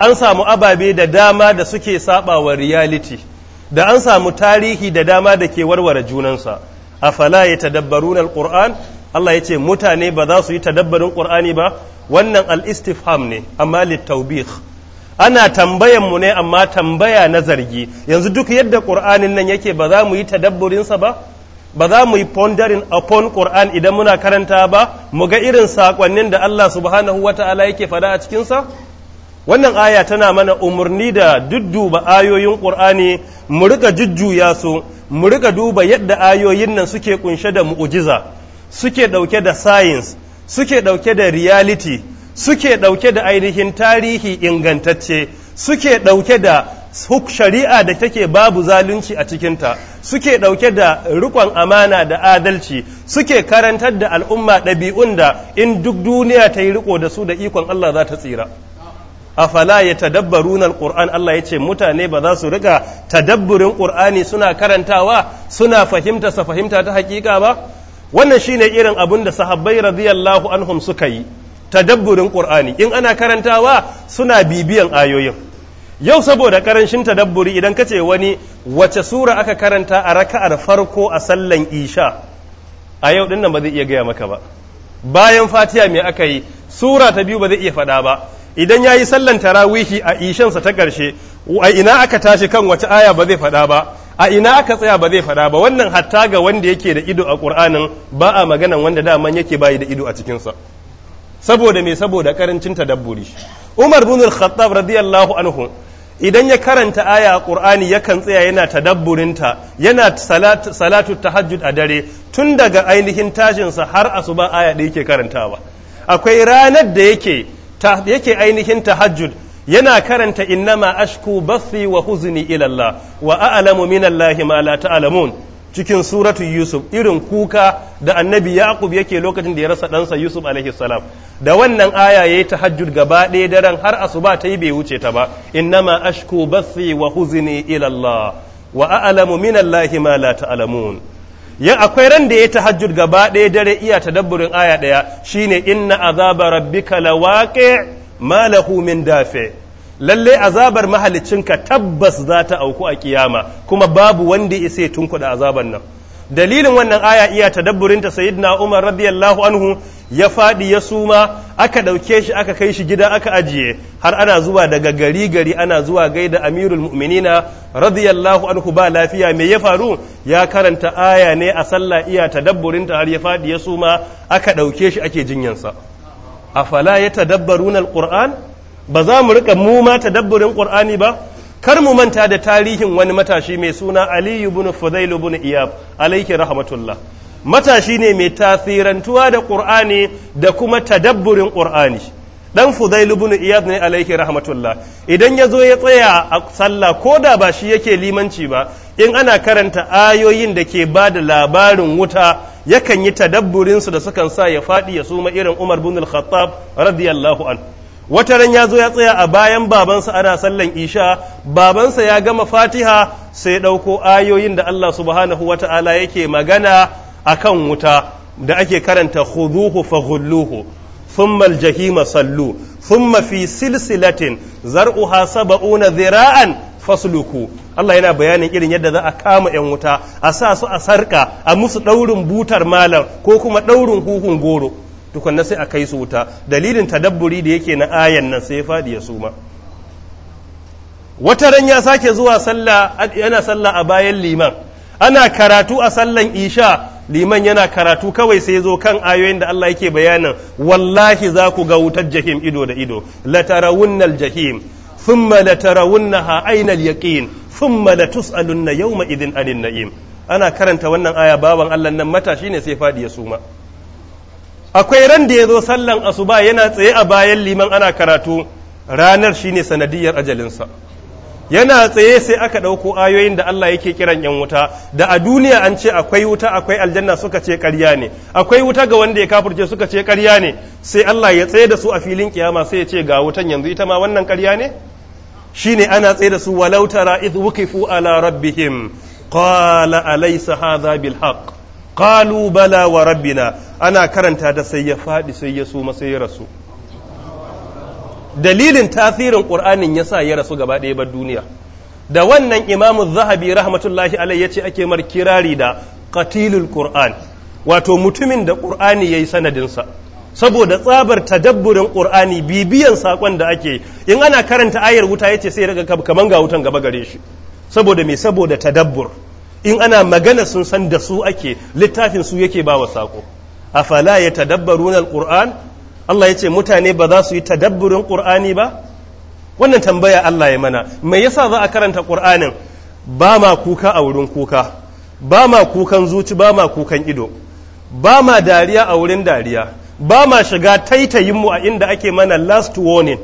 an samu ababe da dama da suke saba wa reality da an samu tarihi da dama da ke warware junansa a fala ya tadabbarun alquran Allah ya ce mutane ba za su yi tadabbarin qur'ani ba wannan al-istifham ne amma littaubih ana tambayan mu ne amma tambaya na zargi yanzu duk yadda qur'anin nan yake ba za mu yi tadabburinsa ba ba za mu yi pondering upon qur'an idan muna karanta ba mu ga irin saƙonnin da Allah subhanahu wataala yake fada a cikinsa wannan aya tana mana umarni da dudduba ayoyin ƙur'ani mu riƙa jujjuya su mu riƙa duba yadda ayoyin nan suke kunshe da mu'ujiza suke ɗauke da science suke ɗauke da reality suke ɗauke da ainihin tarihi ingantacce suke ɗauke da shari'a da take babu zalunci a cikinta suke ɗauke da rikon amana da adalci suke karantar da al'umma ɗabi'un da in duk duniya ta yi riko da su da ikon Allah za ta tsira afala ya tadabbaru tadabbarun alquran Allah ya ce mutane ba za su riga tadabburin ƙur'ani suna karantawa suna fahimta sa fahimta ta hakika ba wannan shine irin abin da sahabbai radiyallahu anhum suka yi tadabburin ƙur'ani in ana karantawa suna bibiyan ayoyin yau saboda karanshin tadabburi idan ka ce wani wace sura aka karanta a raka'ar farko a sallan isha a yau dinnan ba zai iya gaya maka ba bayan Fatiya me aka yi sura ta biyu ba zai iya faɗa ba idan ya yi sallan tarawihi a ishansa ta ƙarshe a ina aka tashi kan wace aya ba zai faɗa ba a ina aka tsaya ba zai faɗa ba wannan hatta ga wanda yake da ido a ƙur'anin ba a maganan wanda daman yake bayi da ido a cikinsa saboda mai saboda ta tadabburi umar bin al-khattab radiyallahu anhu idan ya karanta aya a ƙur'ani yakan tsaya yana tadabburinta yana salatu tahajjud a dare tun daga ainihin tashinsa har asuba aya da yake karantawa akwai ranar da yake ta yake ainihin tahajjud yana karanta innama ashku bathi wa huzni ila Allah wa a'lamu minallahi ma la ta'lamun cikin suratu Yusuf irin kuka da annabi Yaqub yake lokacin da ya rasa ɗansa Yusuf alaihi salam da wannan aya yayi tahajjud gaba ɗaya daren har asuba ta yi bai wuce ta ba innama ashku bathi wa huzni ila Allah wa a'lamu minallahi ma la ta'lamun yan akwai ran da ya tahajjud gaba ɗaya dare iya tadabburin aya ɗaya shine inna azaba rabbika lawaqi ma lahu min dafi lalle azabar mahaliccinka tabbas za ta auku a kiyama kuma babu wanda ya sai tunkuɗa azabar nan dalilin wannan aya iya ta sayyidina Umar radiyallahu anhu ya faɗi ya suma aka ɗauke shi aka kai shi gida aka ajiye har ana zuwa daga gari gari ana zuwa gaida amirul mu'minina radiyallahu anhu ba lafiya me ya faru ya karanta aya ne a sallah iya tadabburinta har ya faɗi ya suma aka ɗauke shi ake jinyansa afala ya tadabbaruna alquran ba za mu rika mu ma tadabburin qur'ani ba kar mu manta da tarihin wani matashi mai suna aliyu ibn fudail ibn iyab alayhi rahmatullah matashi ne mai tasirantuwa da ƙur'ani da kuma tadabburin ƙur'ani dan fudail ibn iyad ne alaihi rahmatullah idan ya zo ya tsaya a sallah ko da ba shi yake limanci ba in ana karanta ayoyin da ke ba da labarin wuta yakan yi tadabburin su da sukan sa ya faɗi ya suma irin umar bin al-khattab radiyallahu an wata ran ya zo ya tsaya a bayan babansa ana sallan isha babansa ya gama fatiha sai ɗauko ayoyin da Allah subhanahu wata'ala yake magana akan wuta da ake karanta khuduhu ghulluhu thumma aljahima sallu thumma fi silsilatin zar'uha sab'una dhira'an fasluku Allah yana bayanin irin yadda za a kama yan wuta a sa su a sarka a musu daurin butar malam ko kuma daurin huhun goro tukunna sai a kai su wuta dalilin tadabburi da yake na ayan nan sai ya fadi ya suma wata ran ya sake zuwa sallah yana sallah a bayan liman ana karatu a sallan isha liman yana karatu kawai sai zo kan ayoyin da Allah yake bayanin wallahi za ku ga wutar jahim ido da ido latarawunnal jahim thumma latarawunnaha aynal yaqin thumma latus'alunna yawma idin anin na'im ana karanta wannan aya baban Allah nan matashi ne sai fadi ya suma akwai ran da ya zo sallan asuba yana tsaye a bayan liman ana karatu ranar shine sanadiyar ajalinsa yana tsaye sai aka ɗauko ayoyin da Allah yake kiran yan wuta da a duniya an ce akwai wuta akwai aljanna suka ce ƙarya ne akwai wuta ga wanda ya kafirce suka ce ƙarya ne sai Allah ya tsaye da su a filin kiyama sai ya ce ga wutan yanzu ita ma wannan ƙarya ne shine ana tsaye da su walau tara wukifu ala rabbihim qala alaysa hadha bil haqq qalu bala wa rabbina ana karanta da sai ya faɗi sai ya suma sai ya rasu dalilin tasirin ya sa ya rasu gaba ɗaya bar duniya da wannan imamu zahabi rahmatullahi alai ya ce ake mar kirari da qatilul qur'an wato mutumin da qur'ani yi sanadinsa saboda tsabar tadabburin qur'ani bibiyan sakon da ake in ana karanta ayar wuta ya ce sai daga kaman ga wutan gaba gare shi saboda mai saboda tadabbur in ana magana sun san da su ake littafin su yake ba wa ta ya yatadabbaruna alquran Allah ya ce mutane ba za su yi tadabburin ƙur'ani ba wannan tambaya Allah ya mana me yasa za a karanta ƙur'anin ba ma kuka a wurin kuka ba ma kukan zuci ba ma kukan ido ba ma dariya a wurin dariya ba ma shiga taitayinmu a inda ake mana last warning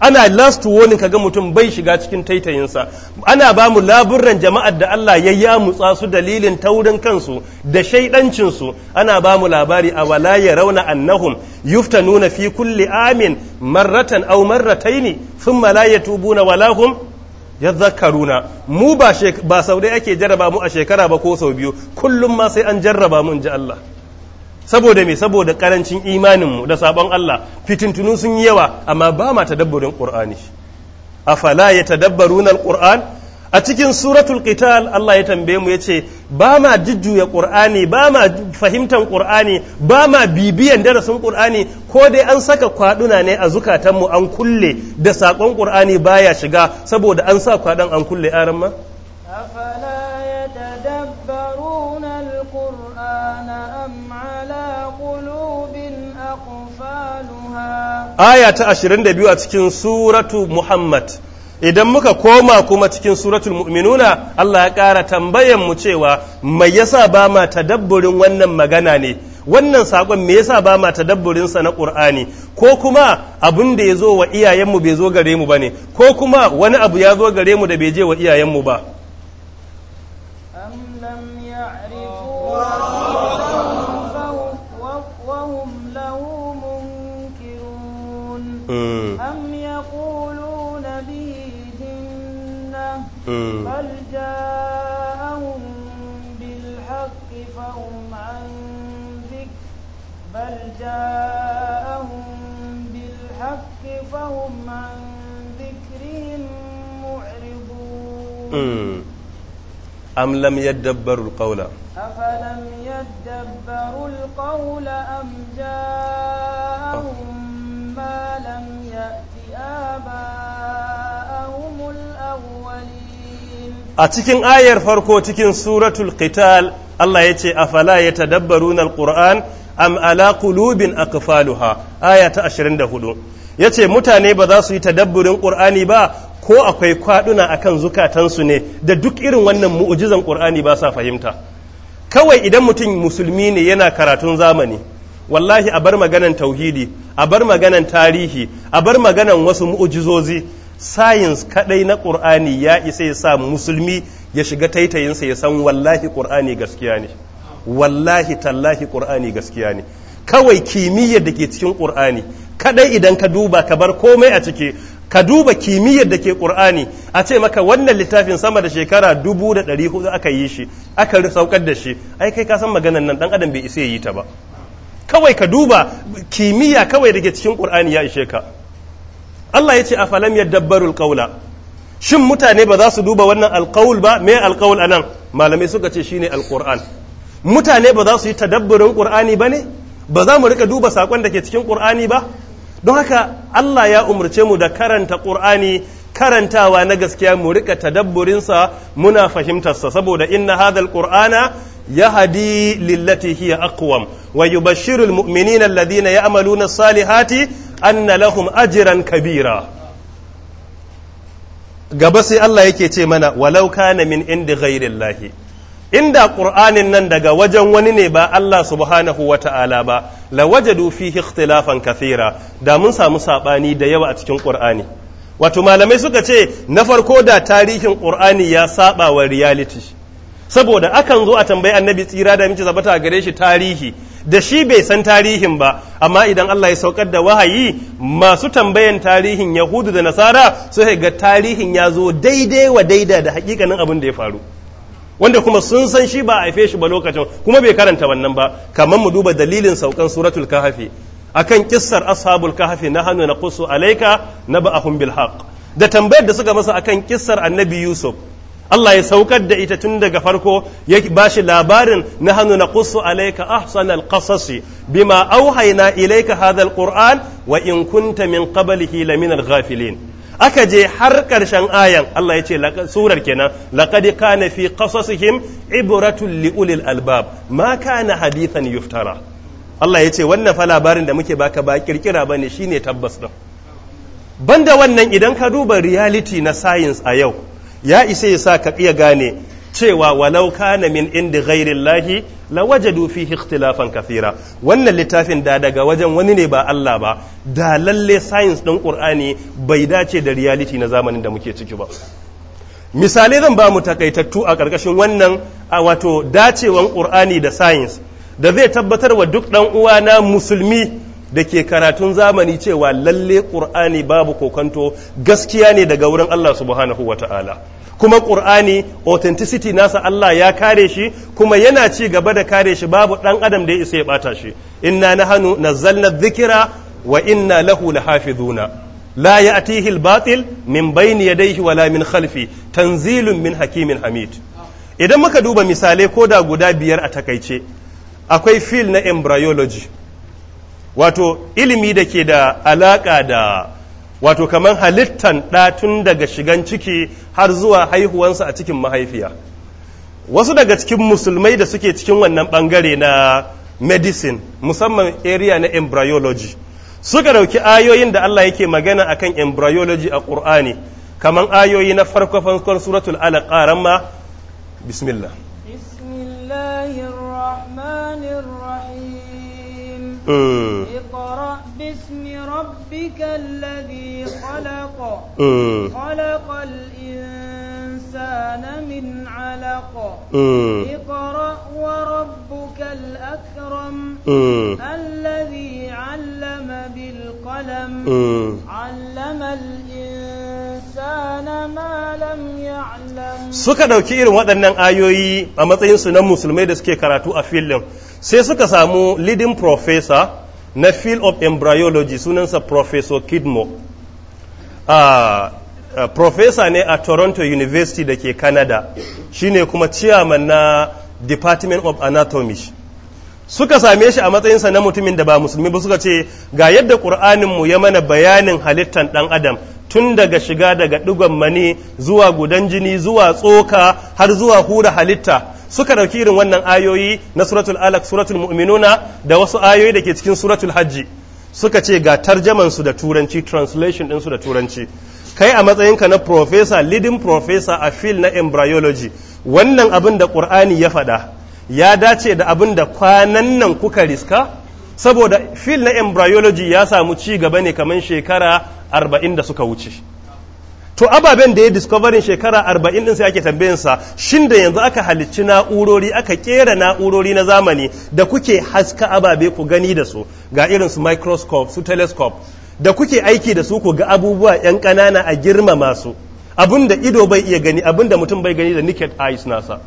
ana last warning kaga mutum bai shiga cikin taitayinsa ana ba mu laburran jama'ar da Allah ya ya amutsa su dalilin taurin kansu da shaidancinsu ana ba mu labari a wala ya rauna annahum yuftanuna fi kulli amin marratan aw marrataini thumma la yatubuna wala ya zakaruna mu ba sau dai ake jarraba mu a shekara ba ko sau biyu kullum ma sai an jarraba mu in ji Allah saboda me saboda karancin imaninmu da sabon Allah fitintunu sun yi yawa amma ba ma tadabburin qur'ani afala yatadabbaruna alquran a cikin suratul qital Allah ya tambaye mu yace ba ma jujjuya qur'ani ba ma fahimtan qur'ani ba ma bibiyan darasin qur'ani ko dai an saka kwaduna ne a zukatanmu an kulle da sakon qur'ani baya shiga saboda an sa kwadan an kulle aran ma afala aya ta 22 a cikin suratu Muhammad idan muka koma kuma cikin suratul mu'minuna Allah ya kara tambayan mu cewa mai yasa ba ma tadabburin wannan magana ne wannan saƙon me yasa ba ma tadabburin sa na Qur'ani ko kuma abin da ya zo wa iyayenmu bai zo gare mu bane ko kuma wani abu ya zo gare mu da bai je wa iyayenmu ba إيه. أم يقولون به جنة إيه. بل جاءهم بالحق فهم عن ذكر بل جاءهم بالحق فهم عن ذكرهم معرضون إيه. أم لم يدبروا القول أفلم يدبروا القول أم جاءهم ما لم يأت آباءهم الأولين أتكين آية فرقو تكين سورة القتال الله يتي أفلا يتدبرون القرآن am ala qulubin ashirin aya ta 24 yace mutane ba za su yi tadabburin qur'ani ba ko akwai kwaduna akan zukatansu ne da duk irin wannan mu'jizan qur'ani ba sa fahimta kawai idan mutum musulmi ne yana karatun zamani wallahi a bar maganan tauhidi a bar maganan tarihi a bar maganan wasu mu'ujizozi science kadai na qur'ani ya isa ya sa musulmi ya shiga taitayinsa ya san wallahi qur'ani gaskiya ne wallahi tallahi qur'ani gaskiya ne kawai kimiyyar da ke cikin qur'ani kadai idan ka duba ka bar komai a ciki ka duba kimiyyar da ke ƙur'ani a ce maka wannan littafin sama da shekara dubu da ɗari hudu aka yi shi aka saukar da shi ai kai ka san maganan nan dan adam bai isa yi ta ba kawai ka duba kimiyya kawai daga cikin ƙur'ani ya ishe ka Allah ya ce a falam yadabbarul qawla shin mutane ba za su duba wannan alqaul ba me alqaul anan malamai suka ce shine Alƙur'an. mutane ba za su yi tadabburin Kur'ani ba ne ba za mu rika duba sakon da ke cikin Kur'ani ba don haka Allah ya umarce mu da karanta ƙur'ani karantawa na gaskiya mu rika tadabburinsa muna fahimtarsa saboda inna hadha Kur'ana. يهدي للتي هي أقوم ويبشر المؤمنين الذين يعملون الصالحات أن لهم أجرا كبيرا Allah yake ce mana walau kana min عند غير lahi inda ƙur'anin nan daga wajen wani ne ba Allah subhanahu wa ta'ala ba la wajadu fihi ikhtilafan kathira da mun samu saɓani da yawa a cikin ƙur'ani wato malamai suka ce na farko da tarihin ƙur'ani ya saba wa reality saboda akan zo a tambayi annabi tsira da miki zabata a gare shi tarihi da shi bai san tarihin ba amma idan Allah ya saukar da wahayi masu tambayan tarihin yahudu da nasara su ga tarihin ya zo daidai wa daida da hakikanin abin da ya faru wanda kuma sun san shi ba a haife shi ba lokacin kuma bai karanta wannan ba kamar mu duba dalilin saukan suratul kahfi akan kissar ashabul kahfi na hannu na kusu alaika na ba'ahum bil haqq da tambayar da suka masa akan kissar annabi yusuf Allah ya saukar da ita tun daga farko ya bashi labarin na hannu na kusu alaika ahsan alqasasi bima auhaina ilaika hadha alquran wa in kunta min qablihi lamin alghafilin aka je har karshen ayan Allah ya ce surar kenan laqad kana fi qasasihim ibratun li ulil albab ma kana hadithan yuftara Allah ya ce wannan fa labarin da muke baka ba kirkira bane shine tabbas din banda wannan idan ka duba reality na science a yau ya isa ya sa ka iya gane cewa walau kana min inda ghairin lahi la wajadu fihi ikhtilafan kafira wannan littafin da daga wajen wani ne ba Allah ba da lalle science ɗin Qur'ani bai dace da reality na zamanin da muke ciki ba misali zan ba mu takaitattu a ƙarƙashin wannan a wato dacewan Qur'ani da science da zai tabbatar wa duk dan uwa na musulmi da ke karatun zamani cewa lalle ƙur'ani babu kokanto gaskiya ne daga wurin Allah subhanahu wa ta'ala kuma ƙur'ani authenticity nasa Allah ya kare shi kuma yana ci gaba da kare shi babu ɗan adam da ya isa ya ɓata shi inna na nazzalna zikira wa inna lahu la lahafizuna لا يأتيه batil ya dai يديه ولا من halfi tanzilun min hakimin hamid idan muka duba misalai ko da guda biyar a takaice akwai fil na embryology wato ilimi da ke da alaƙa da wato kamar halittan ɗatun daga shigan ciki har zuwa haihuwansa a cikin mahaifiya wasu daga cikin musulmai da suke cikin wannan ɓangare na medicine musamman area na embryology suka ɗauki ayoyin da Allah yake magana a kan embryology a ƙur'ani kamar ayoyi na farko farkon suratul alaƙaran ma bismillah bismillahirrahmanirrahim أه. اقرأ باسم ربك الذي خلق أه. خلق الإنسان من علق أه. اقرأ وربك الأكرم الذي علم بالقلم علم الإنسان suka ɗauki irin waɗannan ayoyi a matsayinsu na musulmai da suke karatu a filin sai suka samu leading professor na field of embryology sunansa professor kidmo uh, professor ne a toronto university da ke canada shine kuma chairman na department of anatomy suka same shi a matsayinsa na mutumin da ba musulmi ba suka ce ga yadda ƙur'aninmu ya mana bayanin halittar ɗan adam tun daga shiga daga ɗigon mani zuwa gudan jini zuwa tsoka har zuwa hura halitta suka ɗauki irin wannan ayoyi na suratul alaq suratul mu'minuna da wasu ayoyi da ke cikin suratul hajji suka ce ga tarjaman su da turanci translation din su da turanci kai a matsayinka na professor leading professor a field na embryology wannan abin da qur'ani ya faɗa ya dace da abin da kwanan nan kuka riska saboda fil na embryology ya samu ci gaba ne kamar shekara arba'in da suka wuce to ababen da ya discoverin shekara arba'in din sai ake sa shin da yanzu aka halicci na'urori aka kera na'urori na zamani da kuke haska ababe ku gani da su ga irin su microscope su telescope da kuke aiki da su ku ga abubuwa 'yan ƙanana a girmama su abinda ido bai iya gani abinda mutum bai gani da naked eyes nasa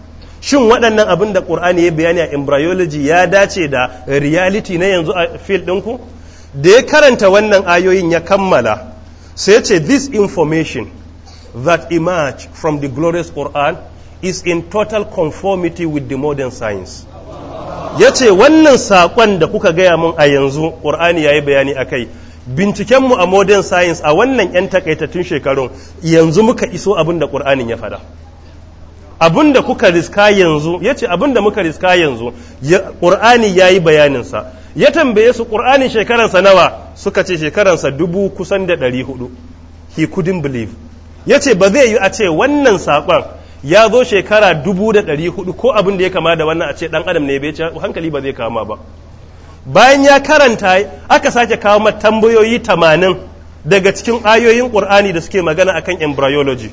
shin waɗannan abin da ƙur'ani ya bayani a embryology ya dace da reality na yanzu a field ɗinku da ya karanta wannan ayoyin ya kammala sai ce this information that emerged from the glorious Quran is in total conformity with the modern science ya ce wannan saƙon da kuka gaya mun a yanzu ƙur'ani ya yi bayani a kai bincikenmu a modern science a wannan 'yan takaitattun shekarun yanzu muka iso abin da ƙur'anin ya fada. abin da kuka riska yanzu ya ce abin da muka riska yanzu ƙur'ani ya yi bayaninsa ya tambaye su ƙur'ani shekaransa nawa suka ce shekaransa dubu kusan da ɗari hudu he couldn't believe ya ce ba zai yi a ce wannan saƙon ya zo shekara dubu da ɗari hudu ko abin da ya kama da wannan a ce ɗan adam ne bai ce hankali ba zai kama ba bayan ya karanta aka sake kawo tambayoyi tamanin daga cikin ayoyin ƙur'ani da suke magana akan embryology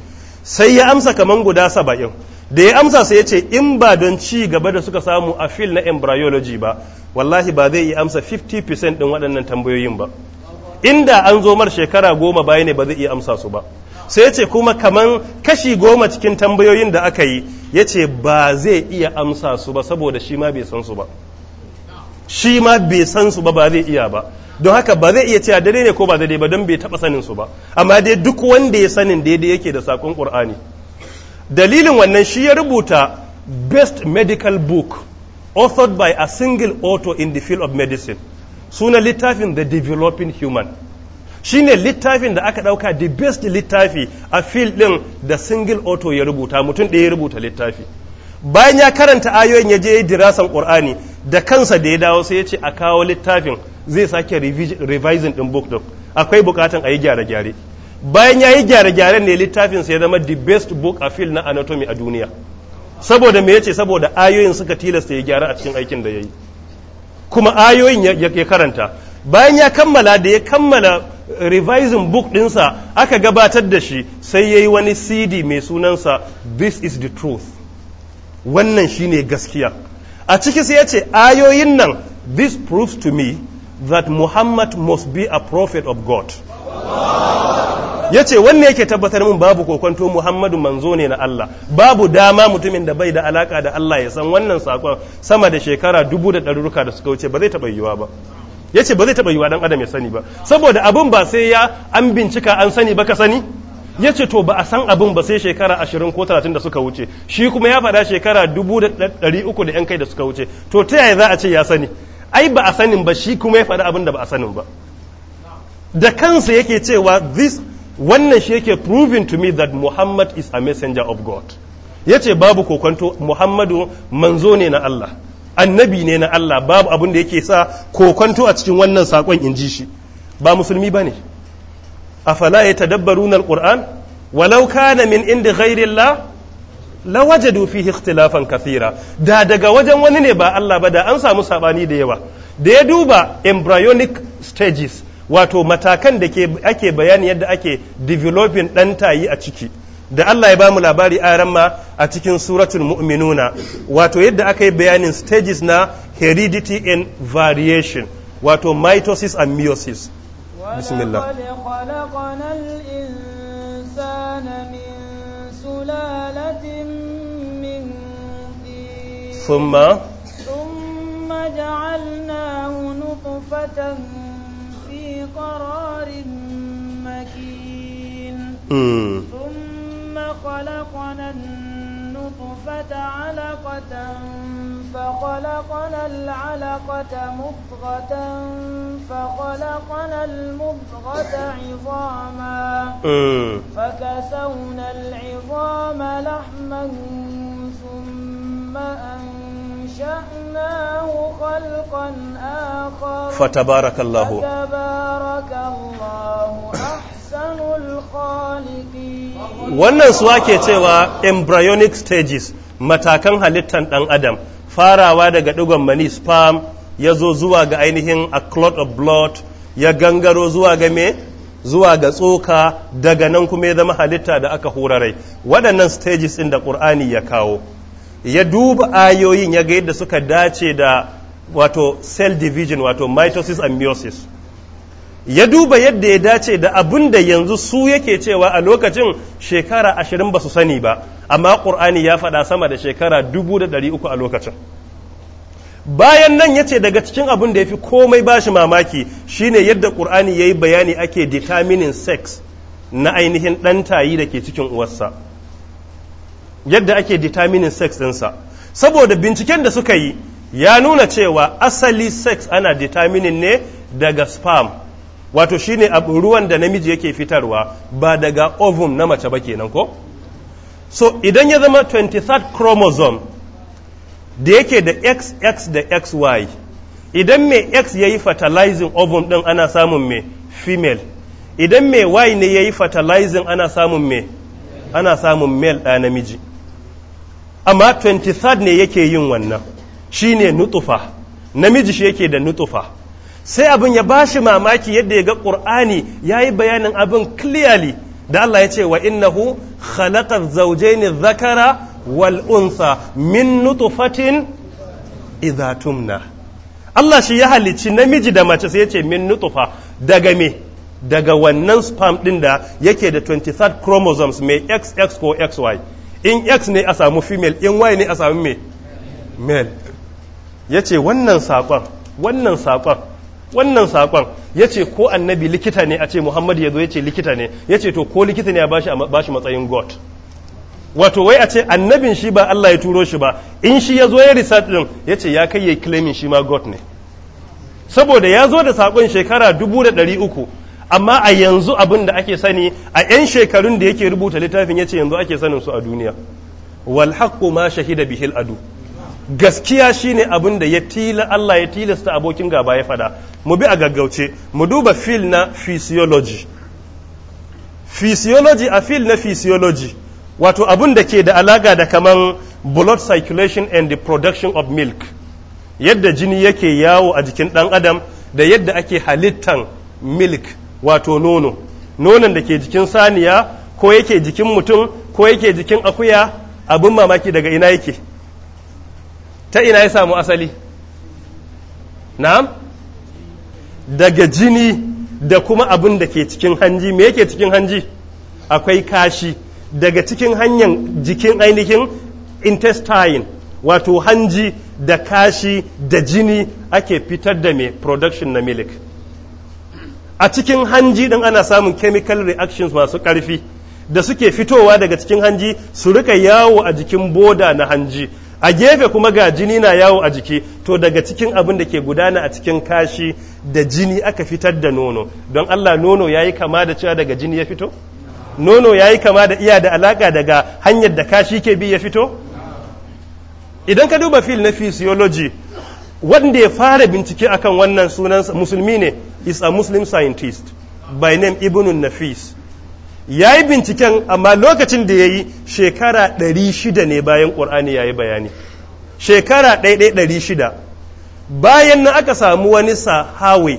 sai ya amsa kaman guda saba'in da ya amsa sai ya ce in ba don ci gaba da suka samu a fil na embryology ba wallahi ba zai iya amsa 50% din waɗannan tambayoyin ba inda an zo mar shekara goma baya ne ba zai iya amsa su ba sai ya ce kuma kaman kashi goma cikin tambayoyin da aka yi ya ce ba zai iya amsa su ba saboda shi ma bai san su ba shi ma bai san su ba ba zai iya ba don haka ba zai iya cewa dare ne ko ba daidai ba don bai taba sanin su ba amma dai duk wanda ya sanin daidai yake da sakon qur'ani dalilin wannan shi ya rubuta best medical book authored by a single author in the field of medicine suna littafin the developing human shine littafin da aka dauka the best littafi a field din da single author ya rubuta mutum ɗaya ya rubuta littafi bayan ya karanta ayoyin ya je dirasan qur'ani da kansa da ya dawo sai ya ce a kawo littafin zai sake revising din book din akwai bukatan a yi gyare-gyare bayan ya yi gyare-gyaren ne littafin sai ya zama the best book a field na anatomy a duniya saboda me ce saboda ayoyin suka tilasta ya gyara a cikin aikin da ya yi kuma ayoyin ya karanta bayan ya kammala da ya kammala revising book dinsa aka gabatar da shi sai ya yi wani cd mai sunansa this is the truth wannan shine gaskiya a ciki sai ya ce ayoyin nan this proves to me that muhammad must be a prophet of god ya ce wanne yake tabbatar min babu kokonto muhammadu manzo ne na allah babu dama mutumin da bai da alaka da allah ya san wannan sakon sama da shekara dubu da ɗaruruka da suka wuce ba zai taɓa yiwuwa ba ya ce ba zai taɓa yiwuwa dan adam ya sani ba saboda abin ba sai ya an bincika an sani ba ka sani ya ce to ba a san abin ba sai shekara ashirin ko talatin da suka wuce shi kuma ya faɗa shekara dubu da ɗari uku da yan kai da suka wuce to ta yaya za a ce ya sani ai ba a sanin ba shi kuma ya faɗa abin da ba a sanin ba da kansa yake cewa this wannan shi yake proving to me that muhammad is a messenger of god ya ce babu kokonto muhammadu manzo ne na allah annabi ne na allah babu abin da yake sa kokonto a cikin wannan sakon in ji shi ba musulmi ba ne afala runar alquran walau kana min la ghairillah dufi fihi ikhtilafan kathira da daga wajen wani ne ba Allah ba da an samu sabani da yawa da ya duba embryonic stages wato matakan da ake bayani yadda ake developing dan tayi a ciki da Allah ya ba mu labari a ramma a cikin suratun mu'minuna wato yadda aka yi bayanin stages na heredity and variation wato mitosis and meiosis بسم الله ولقد خلقنا الإنسان من سلالة من طين ثم ثم جعلناه نطفة في قرار مكين ثم خلقنا الناس نطفة علقة فخلقنا العلقة مضغة فخلقنا المضغة عظاما اه. فكسونا العظام لحما ثم أنشأناه خلقا آخر فتبارك الله فتبارك الله wannan suwa ke cewa embryonic stages matakan halittar dan adam farawa daga ɗigon mani sperm ya zo zuwa ga ainihin a clot of blood ya gangaro zuwa ga me zuwa ga tsoka daga nan kuma ya zama halitta da aka hurarai rai waɗannan stages ɗin da ƙur'ani ya kawo ya duba ayoyin ya ga yadda suka dace da wato cell division wato mitosis and meiosis ya duba yadda ya dace da abin da yanzu su yake cewa a lokacin shekara ashirin ba su sani ba amma ƙur'ani ya faɗa sama da shekara dubu da ɗari uku a lokacin bayan nan ya ce daga cikin abin da ya fi komai ba shi mamaki shine yadda ƙur'ani ya yi bayani ake determining sex na ainihin ɗan tayi da ke cikin uwarsa yadda ake determining sex ɗinsa saboda binciken da suka yi ya nuna cewa asali sex ana determining ne daga sperm wato shine ruwan da namiji yake fitarwa ba daga ovum na mace ba kenan ko so idan ya zama 23rd chromosome da yake da xx da xy idan mai x ya yi fertilizing ovum din ana samun mai female idan mai y ne ya yi fertilizing ana samun mai ana samun male ɗa namiji amma 23rd ne yake yin wannan shine nutufa namiji shi yake da nutufa sai abin ya bashi mamaki yadda ya ga ya yi bayanin abin clearly da Allah ya ce wa innahu zauje zawjayn wal'unsa wal untha min nutufatin Allah shi ya halicci namiji da mace sai ya ce min nutufa daga me daga wannan sperm din da yake da 23 chromosomes mai XX ko XY in X ne a samu female in Y ne a samu me male ya ce wannan saƙon wannan saƙon wannan sakon ce ko annabi likita ne a ce Muhammad ya ce likita ne ya ce to ko likita ne ya ba shi matsayin God wato wai a ce annabin shi ba Allah ya turo shi ba in shi ya zo ya research din yace ya kai ya claiming shi ma God ne saboda ya zo da sakon shekara dubu da ɗari uku amma a yanzu abin da ake sani a 'yan shekarun da yake rubuta littafin ya ce yanzu ake sanin su a duniya wal haqqu ma shahida bihil adu gaskiya shine abin da ya tila Allah ya tilasta abokin gaba ya fada mu bi a gaggauce mu duba fil na physiology physiology a fil na physiology wato abin da ke da alaga da kaman blood circulation and the production of milk yadda jini yake yawo a jikin dan adam da yadda ake halittan milk wato nono nonon da ke jikin saniya ko yake jikin mutum ko yake jikin akuya abin mamaki daga ina yake ta ina ya samu asali na daga jini da kuma abin da ke cikin hanji me yake cikin hanji akwai kashi daga cikin hanyar jikin ainihin intestine wato hanji da kashi da jini ake fitar da mai production na milik a cikin hanji ɗin ana samun chemical reactions masu ƙarfi da suke fitowa daga cikin hanji su rika yawo a jikin boda na hanji a gefe kuma ga jini na yawo a jiki to daga cikin abin da ke gudana a cikin kashi da jini aka fitar da nono don Allah nono ya yi kama da cewa daga jini ya fito nono ya yi kama da iya da alaka daga hanyar da kashi ke bi ya fito idan ka duba fil na physiology wanda ya fara bincike akan wannan sunan musulmi ne is a muslim scientist by name ibn nafis ya yi binciken amma lokacin da ya yi shekara 600 ne bayan ƙur'ani ya yi bayani shekara 1600 shida bayan na aka samu wani sahawe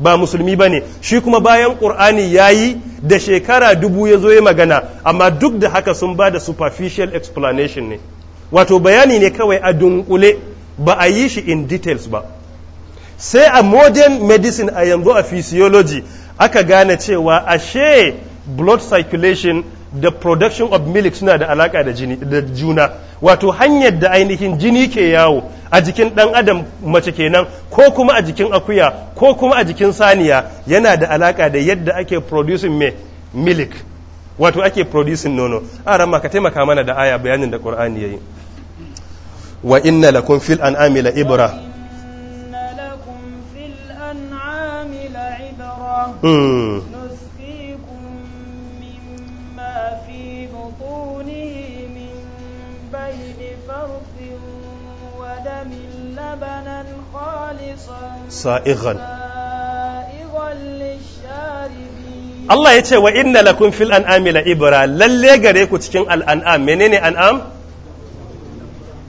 ba musulmi ba ne shi kuma bayan ƙur'ani ya yi da shekara dubu ya zo magana amma duk da haka sun ba da superficial explanation ne wato bayani ne kawai a dunkule ba a yi shi in details ba sai a modern medicine a yanzu a physiology aka gane cewa ashe blood circulation da production of milk suna da alaka da jini da juna wato hanyar da ainihin jini ke yawo a jikin dan adam mace kenan ko kuma a jikin akuya ko kuma a jikin saniya yana da alaka da yadda ake producing me milk wato ake producing nono a ramma ka taimaka mana da aya bayanin da qur'ani yayi wa inna lakum fil an'ami la ibra sa’igan Allah ya ce wa inna lakum fil an'ami la ibra lalle gare ku cikin al'an'am menene an'am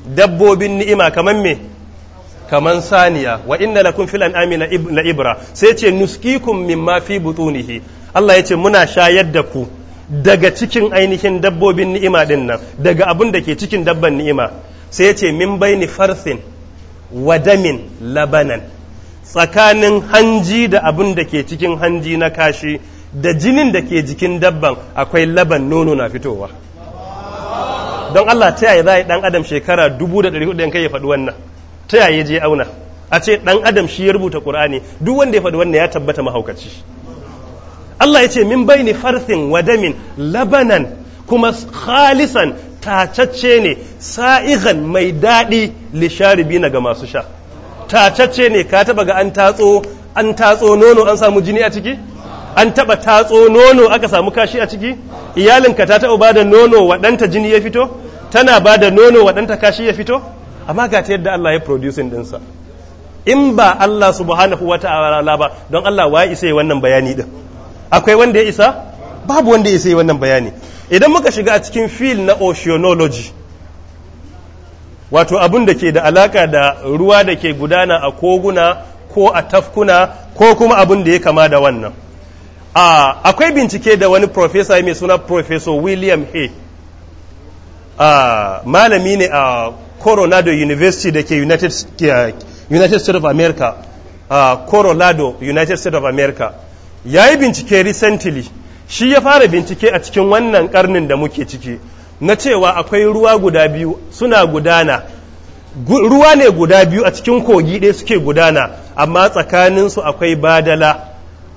dabbobin ni'ima kamar me kamar saniya wa inna lakum fil an'ami la ibra sai ce nuskikun min fi butunihi Allah ya ce muna shayar da ku daga cikin ainihin dabbobin ni'ima din nan daga abin da ke cikin dabban ni'ima sai ya ce min bai ni farsin wadamin labanan tsakanin hanji da abin da ke cikin hanji na kashi da jinin da ke jikin dabban akwai laban nono na fitowa don Allah ta yaya za a yi ɗan adam shekara 1400 kai ya faɗi wannan ta yaya je auna a ce ɗan adam shi ya rubuta ƙur'ani duk wanda ya faɗi wannan ya tabbata mahaukaci Allah ya ce min bai ni farsin wadamin labanan kuma khalisan tacacce ne sa'igan mai daɗi lisharibi na ga masu sha tacacce ne ka taba ga an tatso an tatso nono an samu jini a ciki an taba tatso nono aka samu kashi a ciki iyalinka ta taba da nono waɗanta jini ya fito tana ba da nono waɗanta kashi ya fito amma ga ta yadda Allah ya producing ɗinsa in ba Allah subhanahu wa ta'ala ba don Allah wa isa wannan bayani din akwai wanda ya isa babu wanda ya sai wannan bayani idan muka shiga a cikin fil na oceanology wato abin da ke da alaka da ruwa da ke gudana a koguna ko a tafkuna ko kuma abin da ya kama da wannan akwai bincike da wani profesa mai suna professor william hay malami ne a coronado university da ke united, states of america uh, coronado united states of america ya yi bincike recently shi ya fara bincike a cikin wannan karnin da muke ciki na cewa akwai ruwa guda biyu suna gudana ruwa ne guda biyu a cikin kogi ɗaya suke gudana amma tsakaninsu akwai badala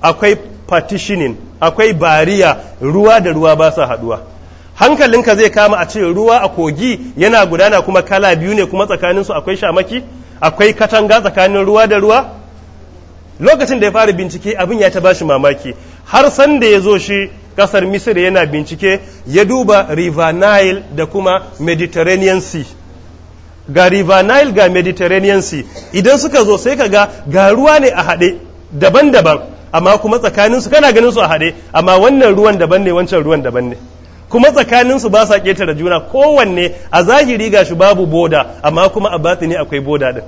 akwai partitioning akwai bariya ruwa da ruwa ba sa haɗuwa hankalinka zai kama a ce ruwa a kogi yana gudana kuma kala biyu ne kuma tsakaninsu akwai shamaki akwai katanga tsakanin ruwa da ruwa lokacin da ya fara bincike abin ya ta bashi mamaki har san da ya zo shi kasar misir yana bincike ya duba river nile da kuma mediterranean sea ga river nile ga mediterranean sea idan suka zo sai ka ga ga ruwa ne a haɗe daban-daban amma kuma tsakaninsu kana ganin su a haɗe amma wannan ruwan daban ne wancan ruwan daban ne kuma tsakaninsu ba sa ƙetare juna kowanne a zahiri ga shi babu boda amma kuma a batini akwai boda din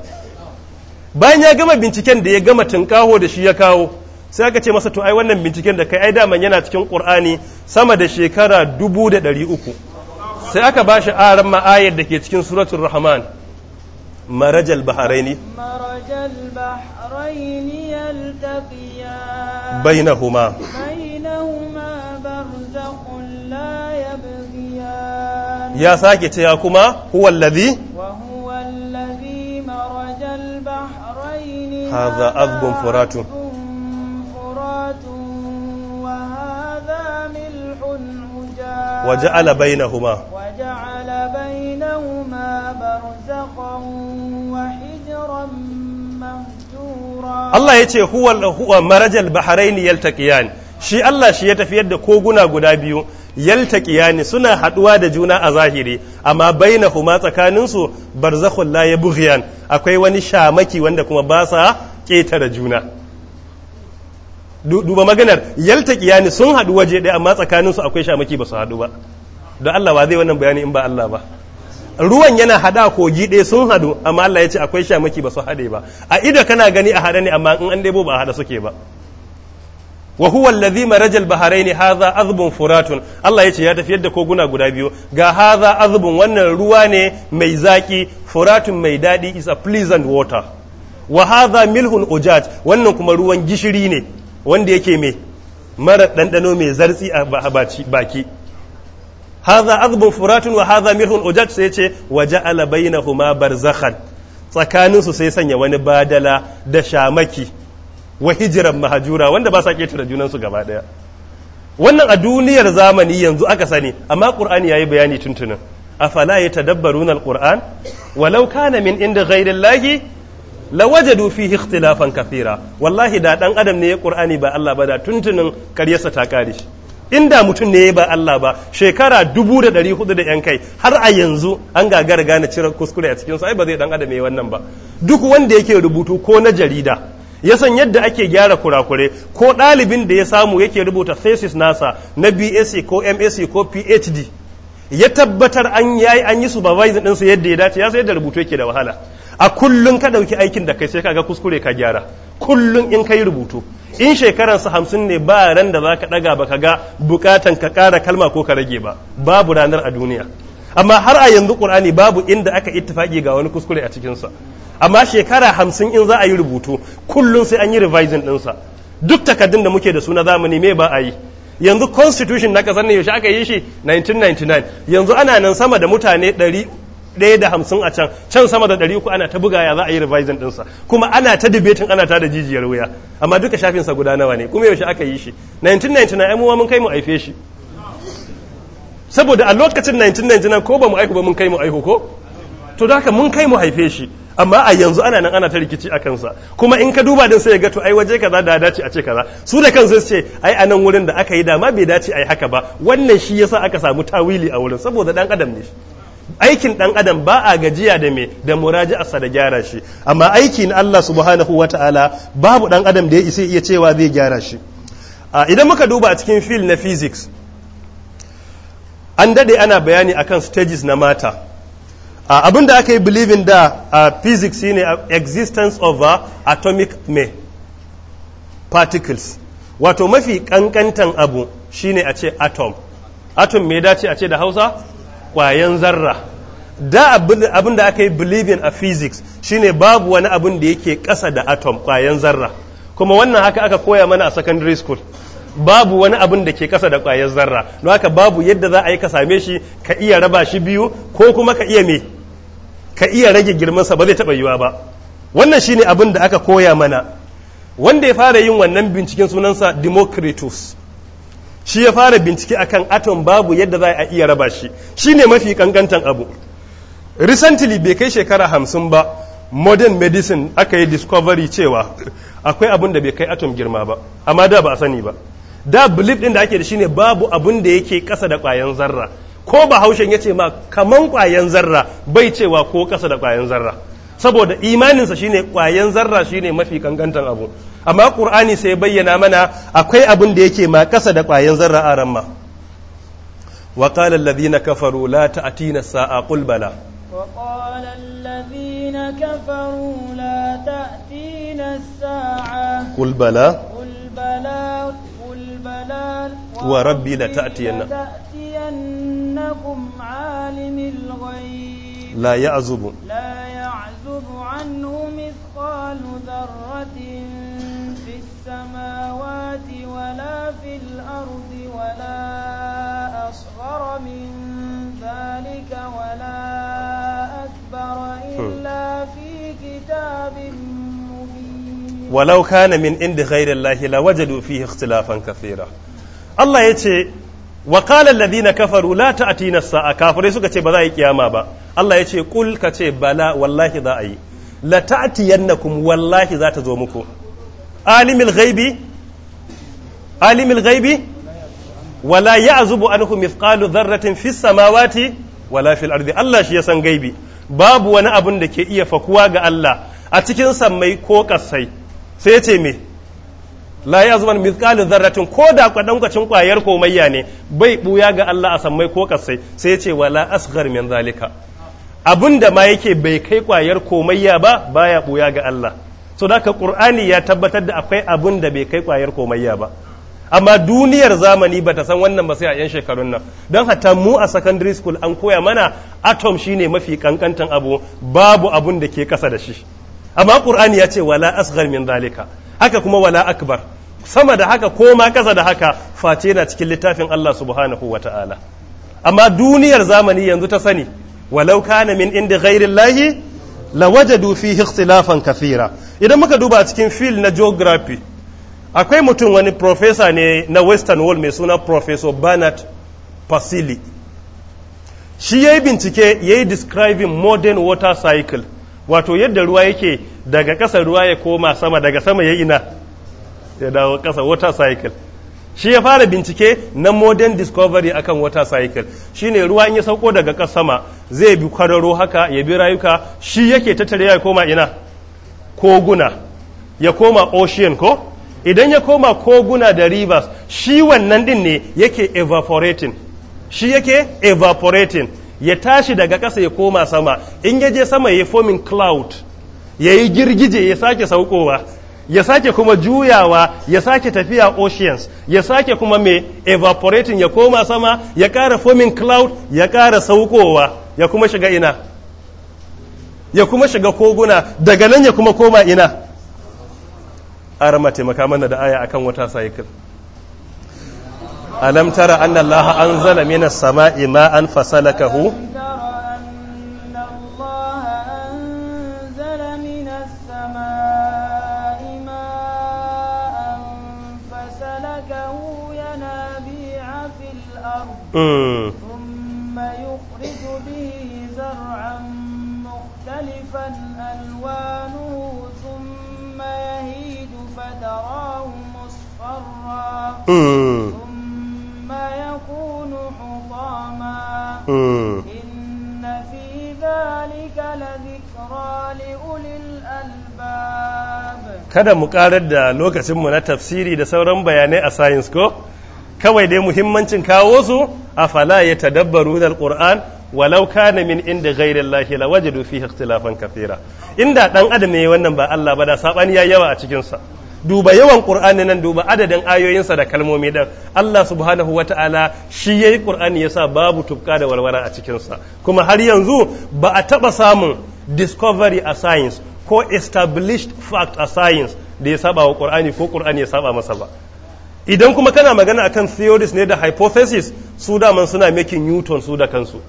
bayan ya gama binciken da ya gama tunkaho da shi ya kawo sai aka ce masa to ai wannan binciken da kai ai daman yana cikin qur'ani sama da shekara dubu da ɗari uku sai aka ba shi aran ma'ayar da ke cikin suratul rahman marajal bahraini marajal bahraini bainahuma bainahuma barzakhun la ya sake cewa kuma huwal ladhi wa huwal ladhi marajal bahraini hadha azbun furatun ملح أجاج وجعل بينهما وجعل بينهما برزقا وحجرا مهجورا الله يتي هو shi Allah shi ya tafiyar da koguna guda biyu yaltaqiyani suna haduwa da juna a zahiri amma bainahuma tsakaninsu barzakhul la yabghiyan akwai wani shamaki wanda kuma ba sa ketare juna duba maganar yaltaki yani sun haɗu waje ɗaya amma tsakaninsu akwai shamaki ba su haɗu ba don Allah ba zai wannan bayani in ba Allah ba ruwan yana haɗa kogi ɗaya sun haɗu amma Allah ya ce akwai shamaki ba su haɗe ba a ido kana gani a haɗe ne amma in an ɗebo ba a haɗa suke ba wa huwa alladhi marajal baharaini hadha azbun furatun Allah ya ce ya tafiyar da koguna guda biyu ga hadha azbun wannan ruwa ne mai zaki furatun mai dadi is a pleasant water wa hadha milhun ujaj wannan kuma ruwan gishiri ne wanda yake mai mara ɗanɗano mai zartsi a baki haza azbun furatun wa haza mirhun ujaj sai ce waje alabai na huma barzakhan tsakaninsu sai sanya wani badala da shamaki wa hijiran mahajura wanda ba sa ƙetare junansu gaba ɗaya wannan a duniyar zamani yanzu aka sani amma ƙur'ani ya yi bayani tuntunin afala ya na ƙur'an walau kana min inda ghairin lahi lawajadu fihi ikhtilafan kathira wallahi da dan adam ne ya qur'ani ba Allah ba da tuntunin karyarsa ta kare shi inda mutum ne ba Allah ba shekara dubu da yan kai har a yanzu an gagara gane cire kuskure a cikinsu ai ba zai dan adam ya wannan ba duk wanda yake rubutu ko na jarida ya san yadda ake gyara kurakure ko ɗalibin da ya samu yake rubuta thesis nasa na BSc ko MSc ko PhD ya tabbatar an yayi an yi supervising din su yadda ya dace ya sai da rubutu yake da wahala a kullun ka dauki aikin da kai sai kaga kuskure ka gyara kullun in kai rubutu in shekaran sa hamsin ne ba ran da zaka daga ba ga bukatan ka kara kalma ko ka rage ba babu ranar a duniya amma har a yanzu qur'ani babu inda aka ittifaki ga wani kuskure a cikin sa amma shekara hamsin in za a yi rubutu kullun sai an yi revising ɗinsa duk takardun da muke da su na zamani me ba a yi yanzu constitution na kasar ne yaushe aka yi shi 1999 yanzu ana nan sama da mutane 150 a can can sama da 300 ana ta buga ya za a yi revision dinsa kuma ana ta debating ana ta da jijiyar wuya amma duka shafinsa guda nawa ne kuma yaushe aka yi shi 1999 ai muwa mun kai mu aife shi saboda a lokacin 1999 ko ba mu aihu ba mun kai mu aihu ko to da haka mun kai mu haife shi amma a yanzu ana nan ana ta rikici a kansa kuma in ka duba din sai ga to ai waje kaza da dace a ce kaza su da kansu ce ai a nan wurin da aka yi dama bai dace ai haka ba wannan shi yasa aka samu tawili a wurin saboda dan adam ne aikin dan adam ba a gajiya da me da sa da gyara shi amma aikin na Allah subhanahu wata'ala babu dan adam da ya isa iya cewa zai gyara shi idan muka duba a cikin fil na physics an dade ana bayani akan stages na mata Ah, abin da aka yi believing da a ah, physics shine ah, existence of atomic may particles wato mafi kankantan abu shine a ce atom atom mai dace a ce da hausa kwayan zarra da abin da aka yi believing a physics shine babu wani abin da yake kasa da atom kwayan zarra kuma wannan haka aka koya mana a secondary school babu wani abin da ke kasa da ƙwayar zarra don haka babu yadda za a yi ka same shi ka iya raba shi biyu ko kuma ka iya me ka iya rage girmansa ba zai taɓa yiwa ba wannan shine abin da aka koya mana wanda ya fara yin wannan binciken sunansa democritus shi ya fara bincike akan atom babu yadda za a iya raba shi shi ne mafi kankantan abu recently bai kai shekara hamsin ba modern medicine aka yi discovery cewa akwai abin da bai kai atom girma ba amma da ba a sani ba da belief din da ake da shi ne babu abun da yake kasa da ƙwayan zarra ko bahaushen ya ce ma kaman ƙwayan zarra bai cewa ko ƙasa da ƙwayan zarra saboda imaninsa shine ƙwayan zarra shine mafi kangantan abu amma qur'ani sai bayyana mana akwai abun da yake ma ƙasa da ƙwayan zarra a ramma wa qala alladhina kafaru la ta'tina sa'a qul bala la قل بلى قل بلى وربي لتأتينكم عالم الغيب لا يعزب لا يعزب عنه مثقال ذرة في السماوات ولا في الأرض ولا أصغر من walau kana min inda ghairin lahi la wajadu fihi ikhtilafan kathira Allah ya ce wa qala alladhina kafaru la ta'tina sa'a kafirai suka ce ba za a yi kiyama ba Allah ya ce kul ka ce bala wallahi za a yi la ta'tiyannakum wallahi za ta zo muku alimul ghaibi alimul ghaibi wala ya'zubu anhu mithqalu dharratin fis samawati wala fil ardi Allah shi ya san gaibi babu wani abun da ke iya fakuwa ga Allah a cikin sammai ko kasai sai ce me la ya zuban mithqalu dharratin ko da kwadankwacin kwayar komayya ne bai buya ga Allah a sammai ko kasai sai ce wala asghar min zalika abin da ma yake bai kai kwayar komayya ba baya buya ga Allah so da qur'ani ya tabbatar da akwai abin da bai kai kwayar komayya ba amma duniyar zamani ba ta san wannan ba sai a 'yan shekarun nan don hatta mu a secondary school an koya mana atom shine mafi kankantan abu babu abun da ke kasa da shi amma qur'ani ya ce wala asghar min zalika haka kuma wala akbar sama da haka ko ma kasa da haka face na cikin littafin Allah subhanahu wa ta'ala amma duniyar zamani yanzu ta sani walau kana min inda ghairillahi lawajadu fihi ikhtilafan kathira idan muka duba cikin fil na geography akwai mutum wani professor ne na western world mai suna professor bernard pasili shi ya yi bincike ya yi describing modern water cycle wato yadda ruwa yake daga ƙasa ruwa ya koma sama daga sama ya ina ya dawo ƙasa water cycle shi ya fara bincike na modern discovery akan water cycle shine ruwa in ya sauko daga ƙasa sama zai bi kwararo haka ya bi rayuka shi yake tattare ya koma ina koguna ya koma ocean ko idan ya koma koguna da rivers shi wannan din ne yake evaporating shi yake evaporating ya tashi daga ƙasa ya koma sama in ya je sama ya fomin cloud ya yi girgije ya sake saukowa ya sake kuma juyawa ya sake tafiya oceans ya sake kuma mai evaporating ya koma sama ya ƙara fomin cloud ya ƙara saukowa ya kuma shiga ina ya kuma shiga koguna daga nan ya kuma koma ina arama taimaka mana da aya akan wata cycle ألم ترى أن الله أنزل من السماء ماء فسلكه ثم يخرج به زرعا مختلفا ألوانه ثم يهيد فتراه مصفرا kada mu karar da lokacinmu na tafsiri da sauran bayanai a science ko kawai dai muhimmancin kawo su a fala ya tadabbaru da alquran walau kana min inda ghairin lahi la wajadu fihi ikhtilafan In inda dan adam ne wannan ba Allah ba da sabani yayi yawa a cikin sa duba yawan qur'ani nan duba adadin ayoyinsa da kalmomi dan Allah subhanahu wata'ala shi yayi qur'ani yasa babu tufka da walwala a cikin sa kuma har yanzu ba a taba samun discovery a science ko established fact a science da ya saba wa qur'ani ko qur'ani ya saba masa ba idan kuma kana magana akan theories ne da hypothesis su daman suna making newton su da kansu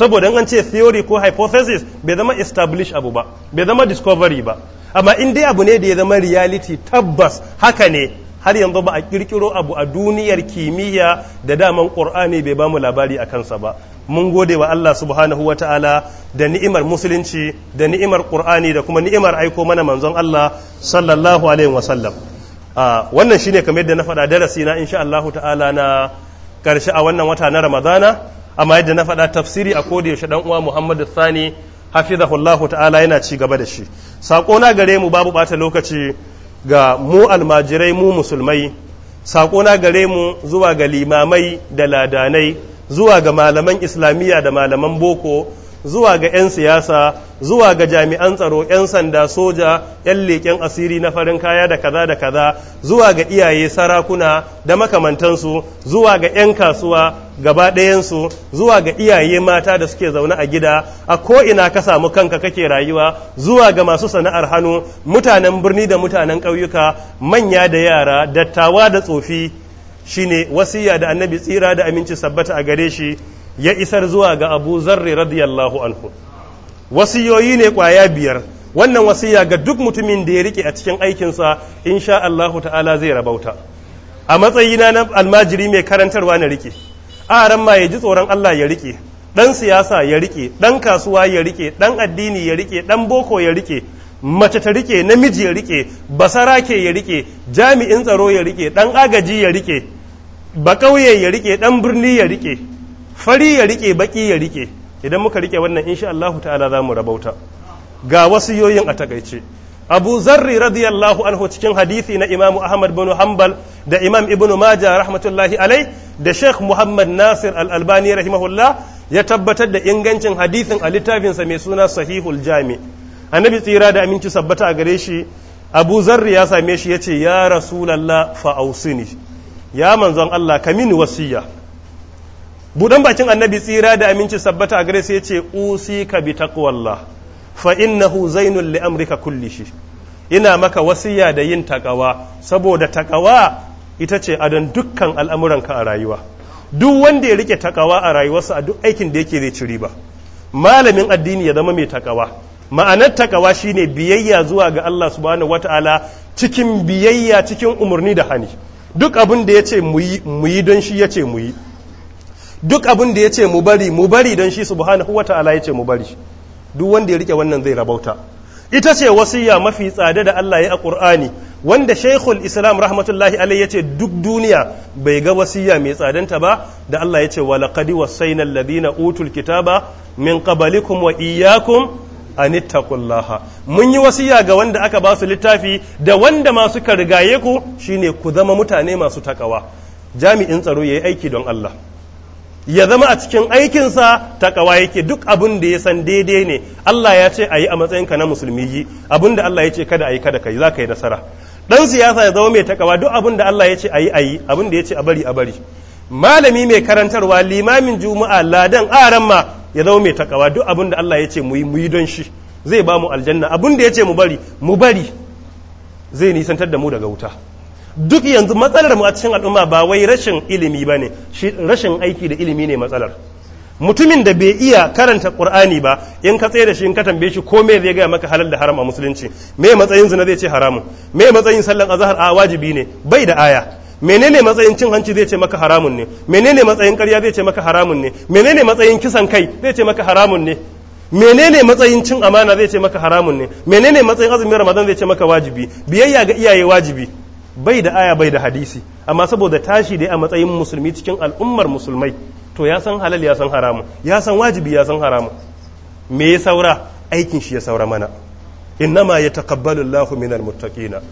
saboda an ce theory ko hypothesis bai zama establish abu ba bai zama discovery ba amma in dai abu ne da ya zama reality tabbas haka ne har yanzu ba a kirkiro abu a duniyar kimiyya da daman qur'ani bai bamu labari a kansa ba mun gode wa Allah subhanahu wa ta'ala da ni'imar musulunci da ni'imar qur'ani da kuma ni'imar aiko mana manzon Allah sallallahu alaihi wa sallam wannan shine kamar yadda na faɗa darasi na insha Allah ta'ala na karshe a wannan wata na Ramadana amma yadda na faɗa tafsiri a koda yaushe dan uwa Muhammadu Sani hafizahullahu ta'ala yana ci gaba da shi sako na gare mu babu bata lokaci ga mu almajirai mu musulmai sako na gare mu zuwa ga limamai da ladanai zuwa ga malaman islamiyya da malaman boko zuwa ga 'yan siyasa zuwa ga jami'an tsaro 'yan sanda soja 'yan leƙen asiri na farin kaya da kaza da kaza zuwa ga iyaye sarakuna da makamantansu zuwa ga 'yan kasuwa gaba ɗayansu zuwa ga iyaye mata da suke zaune a gida a ko'ina ka samu kanka kake rayuwa zuwa ga masu sana'ar hannu mutanen birni da mutanen ƙauyuka manya da yara dattawa da tsofi shine wasiya da annabi tsira da aminci sabbata a gare shi ya isar zuwa ga abu zarri radiyallahu anhu wasiyoyi ne kwaya biyar wannan wasiya ga duk mutumin da ya rike a cikin aikinsa insha Allahu ta'ala zai rabauta a matsayina na almajiri mai karantarwa na rike aran ma ya ji tsoron Allah ya rike dan siyasa ya rike dan kasuwa ya rike dan addini ya rike dan boko ya rike mace ta rike namiji ya rike basarake ya rike jami'in tsaro ya rike dan agaji ya rike ba kauye ya rike dan birni ya rike fari ya rike baki ya rike idan muka rike wannan insha Allah ta'ala za mu rabauta ga wasu yoyin a takaice abu zarri radiyallahu anhu cikin hadithi na imamu ahmad bin hanbal da imam ibnu maja rahmatullahi alai da sheikh muhammad nasir al-albani rahimahullah ya tabbatar da ingancin hadithin a littafinsa mai suna sahihul jami annabi tsira da aminci sabbata a gare shi abu zarri ya same shi ya ce ya rasulallah fa'ausini ya manzon allah ka mini wasiya budan bakin annabi tsira da aminci sabbata a gare sai ya ce ka bi taqwallah fa innahu zainul li amrika kullishi ina maka wasiya da yin takawa saboda takawa ita ce adon dukkan al'amuranka a rayuwa duk wanda ya rike takawa a rayuwarsa a duk aikin da yake zai ci riba malamin addini ya zama mai takawa ma'anar takawa shine biyayya zuwa ga Allah subhanahu wataala cikin biyayya cikin umarni da hani duk abin da ya ce mu don shi ya ce mu duk abin da ya ce mu bari mu bari don shi subhanahu wa ta'ala ya ce mu bari duk wanda ya rike wannan zai rabauta ita ce wasiya mafi tsada da Allah ya a Qur'ani wanda Sheikhul Islam rahmatullahi alaihi yace duk duniya bai ga wasiya mai tsadanta ba da Allah yace wa laqad wasayna alladhina utul kitaba min qablikum wa iyyakum an ittaqullaha mun yi wasiya ga wanda aka ba su littafi da wanda ma suka rigaye ku shine ku zama mutane masu takawa jami'in tsaro ya yi aiki don Allah ya zama a cikin aikinsa ta takawa yake duk abin da ya san daidai ne Allah ya ce a yi a matsayinka na musulmi yi abin da Allah ya ce kada a yi kada ka yi za ka yi nasara dan siyasa ya zama mai takawa duk abin da Allah ya ce a yi a yi abin da ya ce a bari a bari malami mai karantarwa limamin juma'a ladan aran ma ya zama mai takawa duk abin da Allah ya ce mu yi mu yi don shi zai ba mu aljanna abin da ya ce mu bari mu bari zai nisantar da mu daga wuta duk yanzu matsalar mu a cikin al'umma ba wai rashin ilimi ba ne rashin aiki da ilimi ne matsalar mutumin da bai iya karanta qur'ani ba in ka tsaye da shi in ka tambaye shi ko me zai gaya maka halal da haram a musulunci me matsayin zina zai ce haramun me matsayin sallan azhar a wajibi ne bai da aya menene matsayin cin hanci zai ce maka haramun ne menene matsayin ƙarya zai ce maka haramun ne menene matsayin kisan kai zai ce maka haramun ne menene matsayin cin amana zai ce maka haramun ne menene matsayin azumin ramadan zai ce maka wajibi biyayya ga iyaye wajibi bai da aya bai da hadisi amma saboda tashi dai a matsayin musulmi cikin al'ummar musulmai to ya san halal ya san haramun ya san wajibi ya san haramu me ya saura aikin shi ya saura mana innama yataqabbalu Allahu minal muttaqina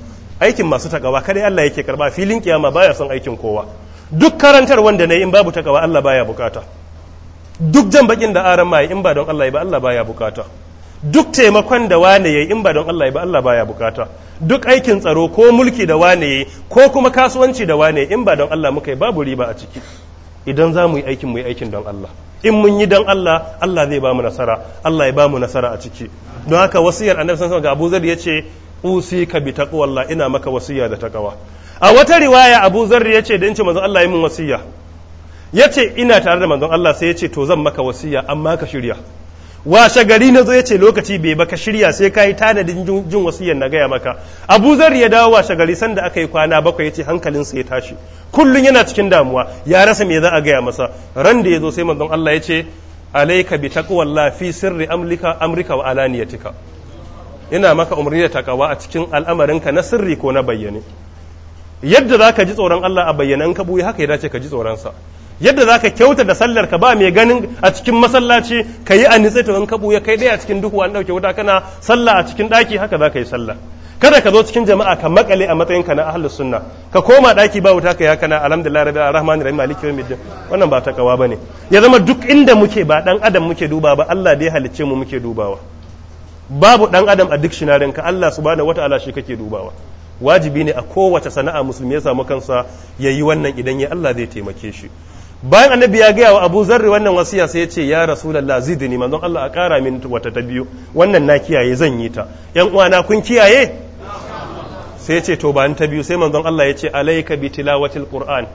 aikin masu takawa kada Allah yake karba filin kiyama baya son aikin kowa duk karantar wanda nayi in babu takawa Allah baya bukata duk jan bakin da aran mai in ba don Allah ba Allah baya bukata duk taimakon da wane ya yi in ba don Allah ya ba Allah baya bukata duk aikin tsaro ko mulki da wane ya yi ko kuma kasuwanci da wane in ba don Allah muka yi babu riba a ciki idan za mu yi aikin mu yi aikin don Allah in mun yi don Allah Allah zai ba mu nasara Allah ya ba mu nasara a ciki don haka wasiyar annabi sallallahu alaihi ga Abu Zar usi ka bi taqwallah ina maka wasiya da taqwa a wata riwaya Abu Zar ce dan ce manzon Allah ya min wasiya yace ina tare da manzon Allah sai yace to zan maka wasiya amma ka shirya washe gari na zo ya ce lokaci bai baka shirya sai ka yi tanadin jin wasiyan na gaya maka abu zar ya dawo washe gari sanda aka yi kwana bakwai ya ce hankalinsa ya tashi kullum yana cikin damuwa ya rasa me za a gaya masa ran da ya zo sai manzon Allah ya ce alaika bi taqwallah fi sirri amlika amrika wa alaniyatika ina maka umarni da takawa a cikin al'amarinka na sirri ko na bayyane yadda za ka ji tsoron Allah a bayyane ka buyi haka ya dace ka ji tsoronsa yadda za ka kyauta da sallar ka ba mai ganin a cikin masallaci ka yi a nitse to in ka kai ɗaya a cikin duhu an ɗauke wuta kana sallah a cikin ɗaki haka za ka yi sallah kada ka zo cikin jama'a ka makale a matsayin ka na ahlus sunna ka koma ɗaki ba wuta ka ya kana alhamdulillah rabbil alamin rahim maliki din wannan ba ta kawa bane ya zama duk inda muke ba dan adam muke duba ba Allah da ya halicce mu muke dubawa babu dan adam a dictionary ka Allah subhanahu wataala shi kake dubawa wajibi ne a kowace sana'a musulmi ya samu kansa yayi wannan idan ya Allah zai taimake shi bayan annabi ya gaya wa abu zarri wannan wasiya sai ya ce ya rasulallah zidni manzon Allah a kara min wata ta biyu wannan na kiyaye zan yi ta yan uwana kun kiyaye sai ya ce to bani ta biyu sai manzon Allah ya ce alayka bi tilawatil qur'an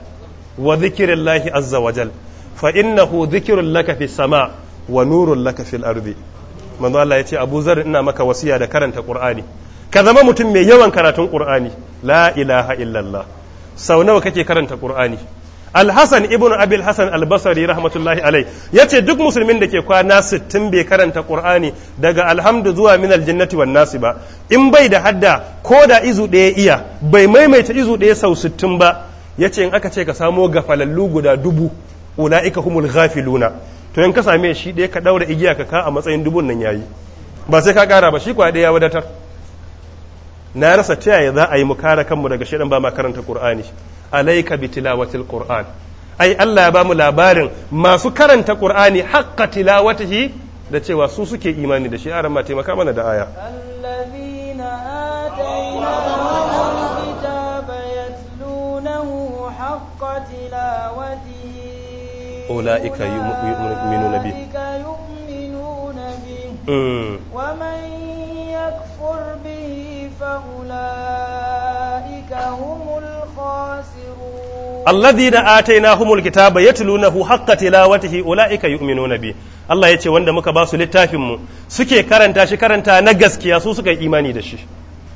wa dhikrillahi azza wajal fa innahu dhikrun laka fis sama wa nurun laka fil ardi manzon Allah ya ce abu zarri ina maka wasiya da karanta qur'ani ka zama mutum mai yawan karatun qur'ani la ilaha illallah sau nawa kake karanta qur'ani alhassan ibn abil hassan albasari rahmatullahi alai ya ce duk musulmin da ke kwana sittin bai karanta qur'ani daga alhamdu zuwa min jannati wan nasi ba in bai da hadda ko da izu ɗaya iya bai maimaita izu ɗaya sau sittin ba yace in aka ce ka samo gafalallu guda dubu ula'ika humul ghafiluna to in ka same shi ɗaya ka daura igiya ka ka a matsayin dubun nan yayi ba sai ka ƙara ba shi kwa ya wadatar na rasa ta yaya za a yi mu kare kanmu daga shaidan ba ma karanta qur'ani alaika bi tilawatil qur'an ai Allah ya ba mu labarin masu karanta qur'ani haqqa tilawatihi da cewa su suke imani da shi aran ma taimaka mana da aya allazina atainahumul kitaba yatlunahu haqqa tilawatihi ulaika yu'minuna mm. bihi yu'minuna bihi wa allah فأولئك هم الخاسرون الذين ya الكتاب hu حق تلاوته أولئك يؤمنون به Allah ya ce wanda muka ba su littafinmu suke karanta shi karanta na gaskiya su suka yi imani da shi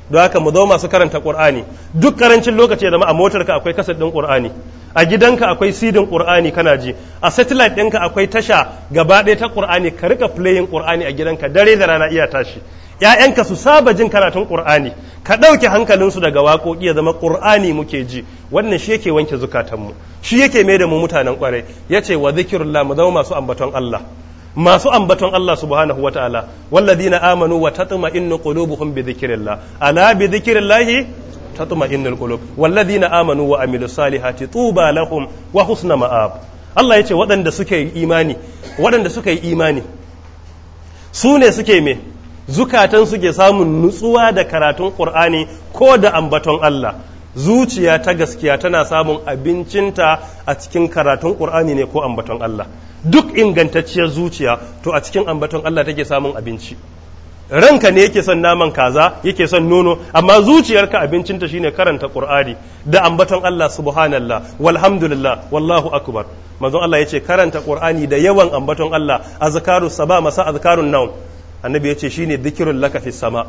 don haka mu zo masu karanta Qur'ani duk karancin lokaci ya zama a motarka akwai kasar ɗin Qur'ani a gidanka akwai sidin Qur'ani kana ji a satellite ɗinka akwai tasha gaba ɗaya ta Qur'ani ka rika filayin Qur'ani a gidanka dare da rana iya tashi ‘ya'yanka su saba jin karatun ƙur'ani ka ɗauke hankalinsu daga waƙoƙi ya zama ƙur'ani muke ji wannan shi yake wanke zukatanmu shi yake mai da mu mutanen ƙwarai ya ce wa zikirullah mu zama masu ambaton Allah masu ambaton Allah subhanahu wa ta'ala walladina amanu wa tatma'innu qulubuhum bi dhikrillah ala bi dhikrillah tatma'innul qulub walladina amanu wa amilu salihati tuba lahum wa husna ma'ab Allah yace waɗanda suka yi imani waɗanda suka yi imani su ne suke me zukatan suke samun nutsuwa da karatun ƙur'ani ko da ambaton Allah zuciya ta gaskiya tana samun abincinta a cikin karatun qur'ani ne ko ambaton Allah duk ingantacciyar zuciya to a cikin ambaton Allah take samun abinci ranka ne yake son naman kaza yake son nono amma zuciyarka abincinta shine karanta qur'ani da ambaton Allah subhanallah walhamdulillah wallahu akbar manzon Allah yace karanta qur'ani da yawan ambaton Allah azkaru saba masa azkarun naum annabi ya ce shine ne laka lakafi sama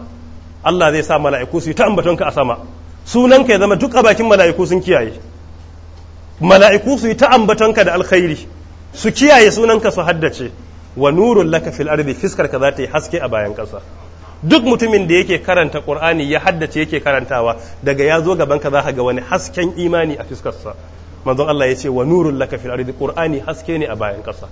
Allah zai sa mala'iku su yi ta ambatonka a sama sunanka ya zama duk a bakin mala'iku sun kiyaye mala'iku su yi ta ambatonka da alkhairi su kiyaye sunanka su haddace wa nurul lakafi fil ardi fiskar ka za ta yi haske a bayan kasa. duk mutumin da yake karanta qur'ani ya haddace yake karantawa daga ya zo gaban ka za ka ga wani hasken imani a fiskarsa manzon Allah ya ce wa nurul lakafi fil qur'ani haske ne a bayan ƙasa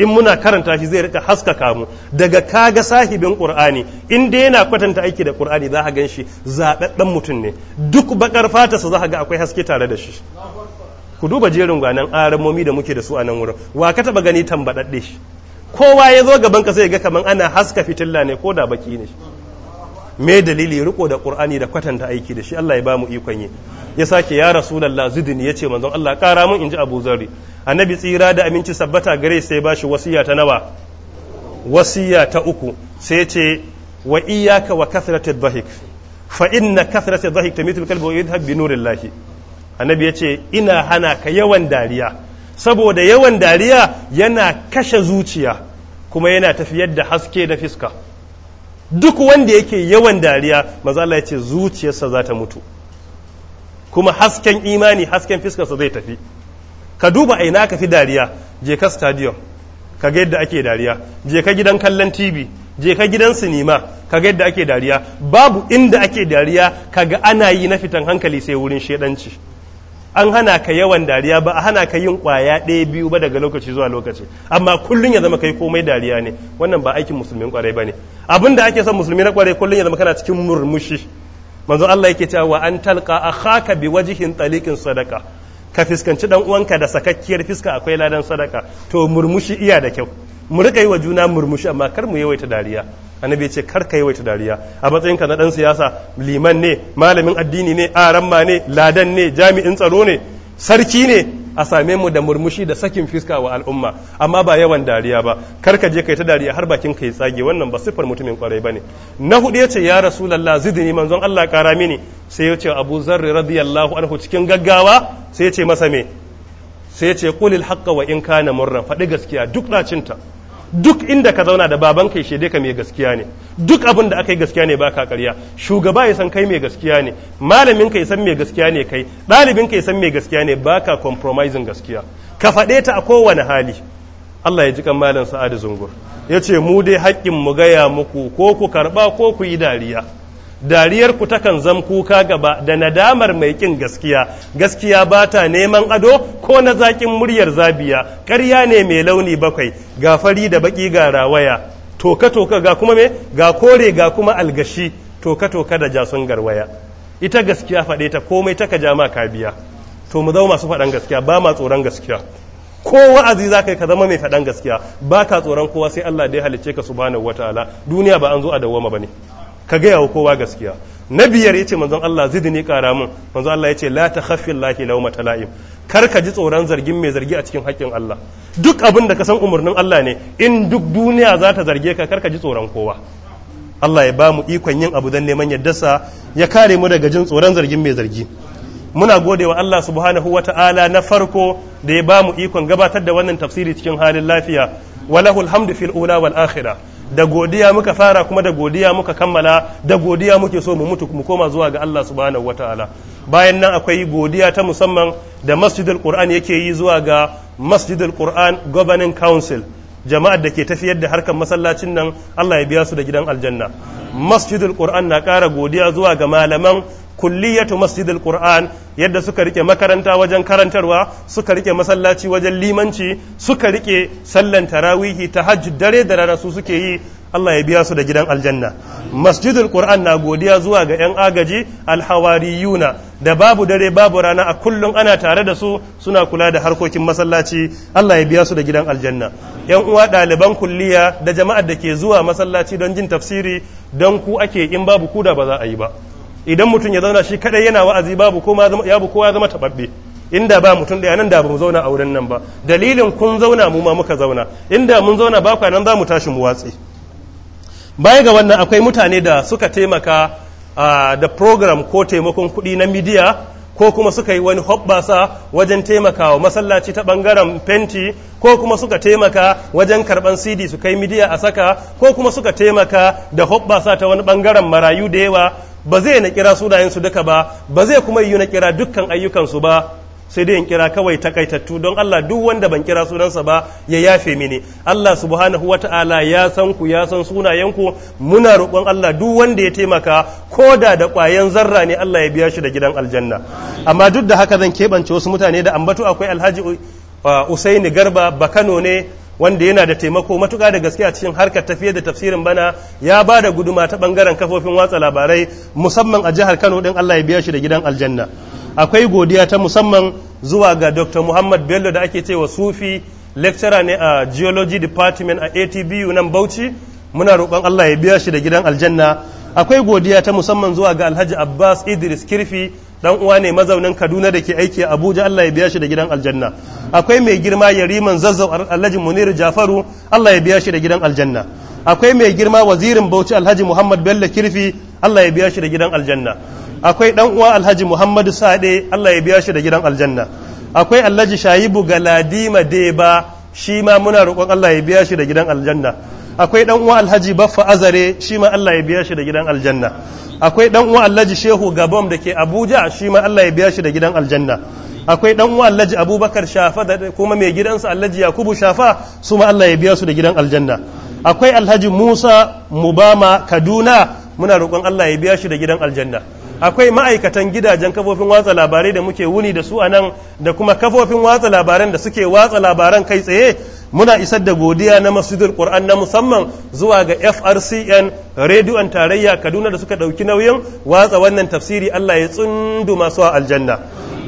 in muna karanta shi zai rika haskaka mu daga kaga sahibin qur'ani in dai yana kwatanta aiki da qur'ani za ka ganshi zababben mutum ne duk bakar fata su za ka ga akwai haske tare da shi ku duba jerin gwanan aramomi da muke da su a nan wurin wa ka taba gani tambadadde shi kowa ya zo gaban ka sai ga kaman ana haska fitilla ne ko da baki ne me dalili riko da qur'ani da kwatanta aiki da shi Allah ya bamu ikon yi ya sake ya rasulullah zidni yace manzon Allah kara mun inji Abu Zarri annabi tsira da aminci sabbata gare sai bashi wasiya ta nawa wasiya ta uku sai ce wa iyyaka wa kathratu dhahik fa inna kathratu dhahik tamitul kalbu wa yadhhab bi nurillahi annabi yace ina hana ka yawan dariya saboda yawan dariya yana kashe zuciya kuma yana tafiyar da haske da fiska duk wanda yake yawan dariya mazala ya ce zuciyarsa za ta mutu kuma hasken imani hasken fiskarsa zai tafi ka duba a ina ka fi dariya je ka stadium ka ga yadda ake dariya je ka gidan kallon tv je ka gidan sinima ka ga yadda ake dariya babu inda ake dariya kaga ana yi na fitan hankali sai wurin shedanci an hana ka yawan dariya ba a hana ka yin kwaya ɗaya biyu ba daga lokaci zuwa lokaci amma kullum ya zama kai komai dariya ne wannan ba aikin musulmin kwarai ba ne. abin da ake son musulmi na kwarai kullum ya zama kana cikin murmushi manzo Allah yake cewa an talqa akhaka bi wajhin taliqin sadaka ka fiskanci dan uwanka da sakakkiyar fiska akwai ladan sadaka to murmushi iya da kyau mu rika yi wa juna murmushi amma kar mu yawaita dariya annabi ya ce kar ka yawaita dariya a matsayin ka na dan siyasa liman ne malamin addini ne aramma ne ladan ne jami'in tsaro ne sarki ne a same mu da murmushi da sakin fiska wa al'umma amma ba yawan dariya ba kar ka je kai ta dariya har bakin kai tsage wannan ba sifar mutumin kwarai bane na hudu yace ya rasulullah zidni manzon Allah kara mini sai yace Abu Zarr radiyallahu anhu cikin gaggawa sai yace masa me sai yace qulil haqqa wa in kana murran faɗi gaskiya duk dacinta duk inda ka zauna da baban kai shede ka mai gaskiya ne duk abin da aka yi gaskiya ne ba ka karya shugaba ya san kai mai gaskiya ne malamin ka ya san mai gaskiya ne kai ɗalibin ka ya san mai gaskiya ne baka compromising gaskiya ka faɗe ta a kowane hali Allah ya ji kan malam sa'adu zungur ya ce mu dai haƙƙin mu gaya muku ko ku karɓa ko ku yi dariya dariyar ku takan zam kuka gaba da nadamar mai kin gaskiya gaskiya ba ta neman ado ko na zakin muryar zabiya ƙarya ne mai launi bakwai ga fari da baki ga rawaya toka toka ga kuma me ga kore ga kuma algashi toka toka da jasun garwaya ita gaskiya faɗe ta komai taka jama ka biya to mu zama masu faɗan gaskiya ba ma tsoron gaskiya ko wa'azi za ka ka zama mai faɗan gaskiya ba ka tsoron kowa sai Allah da ya halicce ka subhanahu wataala duniya ba an zo a dawwama ba ne ka gaya wa kowa gaskiya na biyar ya ce manzon Allah zidni kara mun manzon Allah ya ce la ta takhaffi lahi lau matala'im kar ka ji tsoron zargin mai zargi a cikin haƙƙin Allah duk abin da ka san umarnin Allah ne in duk duniya za ta zarge ka kar ka ji tsoron kowa Allah ya ba mu ikon yin abu dan neman sa ya kare mu daga jin tsoron zargin mai zargi muna gode wa Allah subhanahu wa ta'ala na farko da ya ba mu ikon gabatar da wannan tafsiri cikin halin lafiya walahul hamdu fil ula wal akhirah da godiya muka fara kuma da godiya muka kammala da godiya muke so mu mutu mu koma zuwa ga Allah subhanahu wataala bayan nan akwai godiya ta musamman da masjidul qur'an yake yi zuwa ga masjidul qur'an governing council jama'ar da ke tafiyar da harkar masallacin nan Allah ya biya su da gidan aljanna masjidul qur'an na ƙara godiya zuwa ga malaman kulliyatu masjidul qur'an yadda suka rike makaranta wajen karantarwa suka rike masallaci wajen limanci suka rike sallan tarawihi tahajjud dare da rana su suke yi Allah ya biya su da gidan aljanna masjidul qur'an na godiya zuwa ga yan agaji alhawariyuna da babu dare babu rana a kullum ana tare da su suna kula da harkokin masallaci Allah ya biya su da gidan aljanna yan uwa ɗaliban kulliya da jama'ar da ke zuwa masallaci don jin tafsiri don ku ake in babu ku da ba za a yi ba idan mutum ya zauna shi kadai yana wa'azi babu kowa ya zama tababbe inda ba mutum ɗaya nan da ba mu zauna a wurin nan ba dalilin kun zauna mu ma muka zauna inda mun zauna ba nan za mu tashi mu watsi baya ga wannan akwai mutane da suka taimaka da program ko taimakon kuɗi na midiya ko kuma suka yi wani hoɓɓasa wajen taimakawa masallaci ta ɓangaren fenti ko kuma suka taimaka wajen karɓan cd su kai midiya a saka ko kuma suka taimaka da hoɓɓasa ta wani ɓangaren marayu da yawa ba zai na kira sunayensu duka ba ba zai kuma yi na kira dukkan ayyukansu ba sai dai in kira kawai takaitattu don Allah duk wanda ban kira sunansa ba ya yafe mini Allah subhanahu wata'ala ya san ku ya san sunayenku muna roƙon Allah duk wanda ya taimaka ko da da ƙwayan zarra ne Allah ya biya shi da gidan aljanna amma duk da haka zan keɓance wasu mutane da ambatu akwai Alhaji uh, Usaini Garba ba kano ne wanda yana da taimako matuƙa da gaske a cikin harkar tafiye da tafsirin bana ya ba da guduma ta ɓangaren kafofin watsa labarai musamman a jihar Kano ɗin Allah ya biya shi da gidan aljanna akwai godiya ta musamman zuwa ga dr muhammad bello da ake cewa sufi lecturer ne a geology department a atbu nan bauchi muna roƙon allah ya biya shi da gidan aljanna akwai godiya ta musamman zuwa ga alhaji abbas idris kirfi dan uwa ne mazaunin kaduna da ke aiki a abuja allah ya biya shi da gidan aljanna akwai mai girma yariman zazzau alhaji munir jafaru allah ya biya shi da gidan aljanna akwai mai girma wazirin bauchi alhaji muhammad bello kirfi allah ya biya shi da gidan aljanna akwai dan uwa alhaji muhammadu sade allah ya biya shi da gidan aljanna akwai alhaji shayibu galadima deba shi ma muna roƙon allah ya biya shi da gidan aljanna akwai dan uwa alhaji baffa azare shi ma allah ya biya shi da gidan aljanna akwai dan uwa alhaji shehu gabom da ke abuja shi ma allah ya biya shi da gidan aljanna akwai dan uwa alhaji abubakar shafa da kuma mai gidansa alhaji yakubu shafa su ma allah ya biya su da gidan aljanna akwai alhaji musa mubama kaduna muna roƙon allah ya biya shi da gidan aljanna akwai ma'aikatan gidajen kafofin watsa labarai da muke wuni da su a nan da kuma kafofin watsa labaran da suke watsa labaran kai tsaye muna isar da godiya na masjidul qur'an na musamman zuwa ga frcn rediyon tarayya kaduna da suka ɗauki nauyin watsa wannan tafsiri allah ya tsundu masu aljanna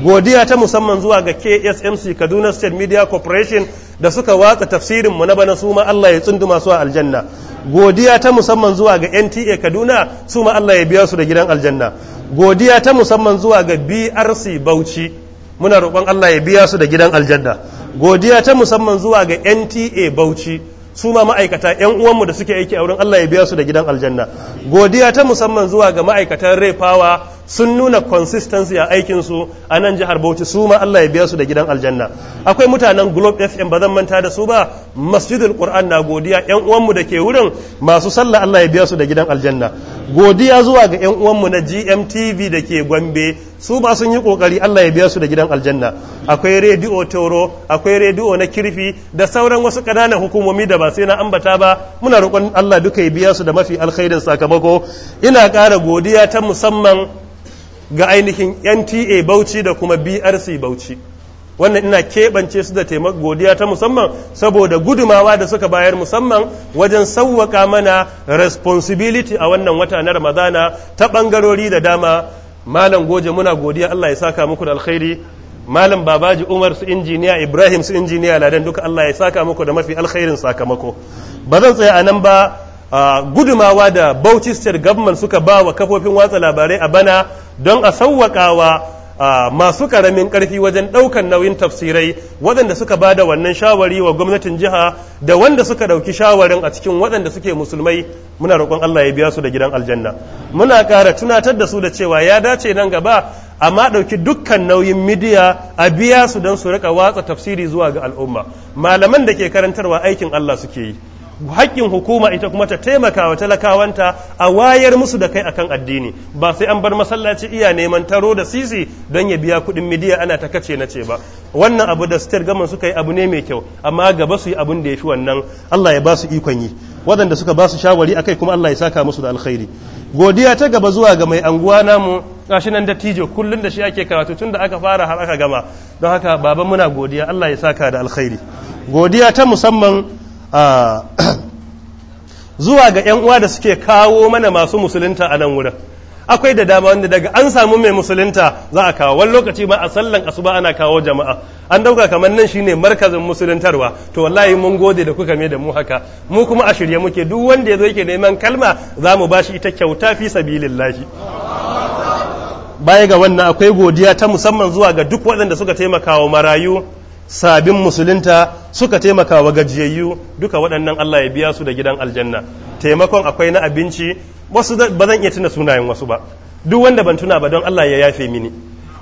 godiya ta musamman zuwa ga ksmc kaduna state media corporation da suka watsa tafsirin mu na bana su ma allah ya tsundu masu aljanna godiya ta musamman zuwa ga nta kaduna su ma allah ya biya su da gidan aljanna godiya ta musamman zuwa ga BRC Bauchi muna roƙon Allah ya biya su da gidan aljanna godiya ta musamman zuwa ga NTA Bauchi su ma ma'aikata yan uwanmu da suke aiki a wurin Allah ya biya su da gidan aljanna godiya ta musamman zuwa ga ma'aikatan refawa sun nuna consistency a aikinsu a nan jihar Bauchi su ma Allah ya biya su da gidan aljanna akwai mutanen Globe FM ba zan manta da su ba Masjidul Qur'an na godiya yan uwanmu da ke wurin masu sallah Allah ya biya su da gidan aljanna godiya zuwa ga yan uwanmu na GMTV da ke gwambe su ba sun yi kokari Allah ya biya su da gidan aljanna akwai rediyo Toro akwai rediyo na Kirfi da sauran wasu ƙananan hukumomi da ba sai na ambata ba muna roƙon Allah duka ya biya su da mafi alkhairin sakamako ina ƙara godiya ta musamman ga ainihin NTA Bauchi da kuma BRC Bauchi wannan ina keɓance su da taimako godiya ta musamman saboda gudumawa da suka bayar musamman wajen sauwaka mana responsibility a wannan wata na ramadana ta ɓangarori da dama malam goje muna godiya allah ya saka muku da alkhairi malam babaji umar su injiniya ibrahim su injiniya ladan duka allah ya saka muku da mafi alkhairin sakamako ba zan tsaya a nan ba Uh, gudumawa da Bauchi State Government suka ba wa kafofin watsa labarai a bana don a sauwaƙawa masu karamin karfi wajen ɗaukan nauyin tafsirai waɗanda suka ba da wannan shawari wa gwamnatin jiha da wanda suka ɗauki shawarin a cikin waɗanda suke musulmai muna roƙon Allah ya biya su da gidan aljanna muna ƙara tunatar da su da cewa ya dace nan gaba amma ɗauki dukkan nauyin midiya a biya su don su rika watsa tafsiri zuwa ga al'umma malaman da ke karantarwa aikin Allah suke yi haƙƙin hukuma ita kuma ta taimaka wa talakawanta a wayar musu da kai akan addini ba sai an bar masallaci iya neman taro da sisi don ya biya kuɗin midiya ana ta kace na ce ba wannan abu da state gaman suka yi abu ne mai kyau amma gaba su yi abun da ya fi wannan Allah ya ba su ikon yi waɗanda suka ba su shawari akai kuma Allah ya saka musu da alkhairi godiya ta gaba zuwa ga mai anguwa namu gashi nan dattijo kullum da shi ake karatu tun da aka fara har aka gama don haka baba muna godiya Allah ya saka da alkhairi godiya ta musamman Ah. zuwa ga 'yan uwa da suke kawo mana masu musulunta a nan wurin akwai da dama wanda daga an samu mai musulunta za a kawo wani lokaci ba a sallan asuba ana kawo jama'a an dauka kamar nan shine markazin musuluntarwa to wallahi mun gode da kuka mai da mu haka mu kuma a shirye muke duk wanda ya zo yake neman kalma za mu bashi ita kyauta fi sabilillahi baya ga wannan akwai godiya ta musamman zuwa ga duk waɗanda suka taimaka wa marayu sabin musulunta suka taimaka wa gajiyayyu duka waɗannan Allah ya biya su da gidan aljanna taimakon akwai na abinci wasu ba zan iya tuna sunayen wasu ba duk wanda ban tuna ba don Allah ya yafe mini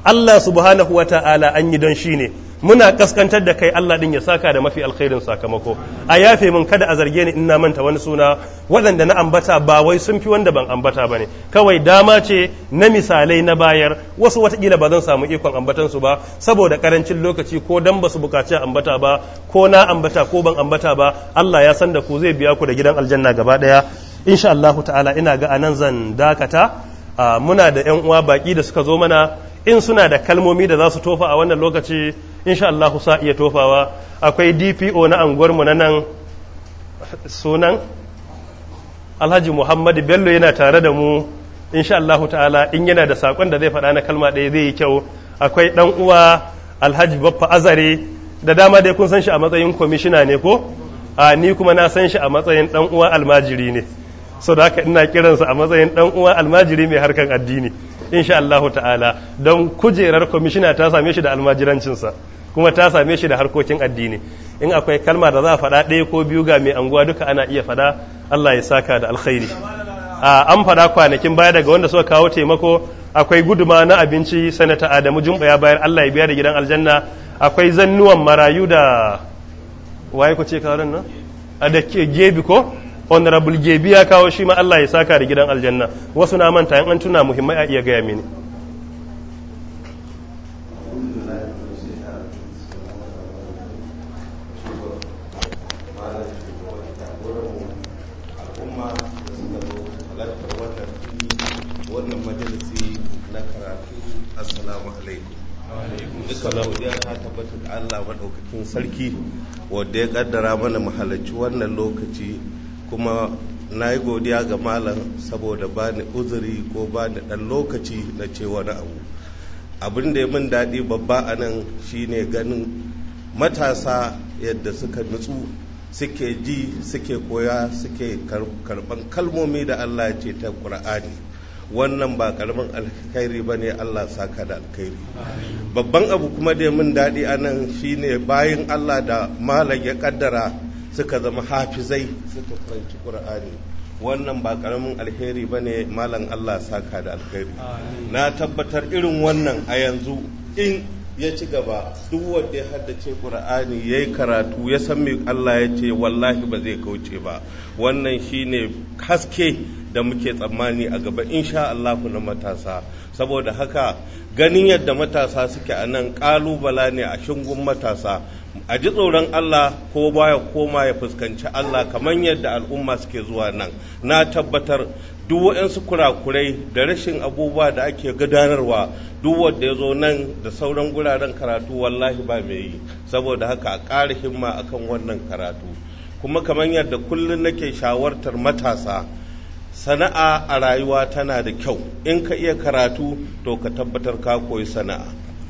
Allah subhanahu wa ta'ala an yi don shi ne muna kaskantar da kai Allah din ya saka da mafi alkhairin sakamako a yafe mun kada a zarge ni ina manta wani suna waɗanda na ambata ba wai sun fi wanda ban ambata ba ne kawai dama ce na misalai na bayar wasu watakila ba zan samu ikon ambatan su ba saboda karancin lokaci ko dan basu bukaci ambata ba ko na ambata ko ban ambata ba Allah ya san da ku zai biya ku da gidan aljanna gaba ɗaya insha Allah ta'ala ina ga anan zan dakata ah, muna da yan uwa baki da suka zo mana in suna da kalmomi da za su tofa a wannan lokaci insha Allah sa iya tofawa akwai DPO na anguwarmu na nan sunan Alhaji Muhammad Bello yana tare da mu insha Allah ta'ala in yana da sakon da zai faɗa na kalma ɗaya zai yi kyau akwai ɗan uwa Alhaji Baffa Azare da dama dai kun san shi a matsayin kwamishina ne ko a ni kuma na san shi a matsayin ɗan uwa almajiri ne sau da haka ina kiransa a matsayin ɗan uwa almajiri mai harkar addini insha Allahu ta'ala don kujerar kwamishina ta same shi da almajirancinsa kuma ta same shi da harkokin addini in akwai kalma da za a faɗa ɗaya ko biyu ga mai anguwa duka ana iya faɗa Allah ya saka da alkhairi an faɗa kwanakin baya daga wanda suka kawo taimako akwai guduma na abinci sanata Adamu Jumba ya bayar Allah ya biya da gidan aljanna akwai zannuwan marayu da waye ku ce nan a gebi ko honorable gebi ya kawo shi ma Allah ya saka da gidan aljanna wasu na manta yan an tuna muhimmai a iya gaya mini wannan majalisi na Allah sarki wadda ya kaddara mana mahalarci wannan lokaci kuma na yi godiya ga malam saboda ba ni uzuri ko ba ni ɗan lokaci na ce wani abu abin da ya min daɗi babba a nan shine ganin matasa yadda suka nutsu suke ji suke koya suke karɓan kalmomi da allah ya ce ta ƙura'ani wannan ba karamin alkhairi ba ne allah saka da alkhairi babban abu kuma da ya min daɗi a nan shine bayan allah da malam ya ƙaddara suka zama hafizai suka karanci qur'ani wannan ba karamin alheri ba ne malam allah saka da alheri na tabbatar irin wannan a yanzu in ya ci gaba duk wanda ya haddace qur'ani ya yi karatu ya san me allah ya ce wallahi ba zai kauce ba wannan shine haske da muke tsammani a gaba insha Allahu na matasa saboda haka ganin yadda matasa suke a nan ƙalubala ne a shingun matasa a ji tsoron Allah ko baya koma ya fuskanci Allah kamar yadda al'umma suke zuwa nan na tabbatar duk waɗansu kurakurai da rashin abubuwa da ake gudanarwa duk wanda ya zo nan da sauran guraren karatu wallahi ba mai yi saboda haka a ƙara himma akan wannan karatu kuma kamar yadda kullum nake shawartar matasa sana'a a rayuwa tana da kyau in ka iya karatu to ka tabbatar ka koyi sana'a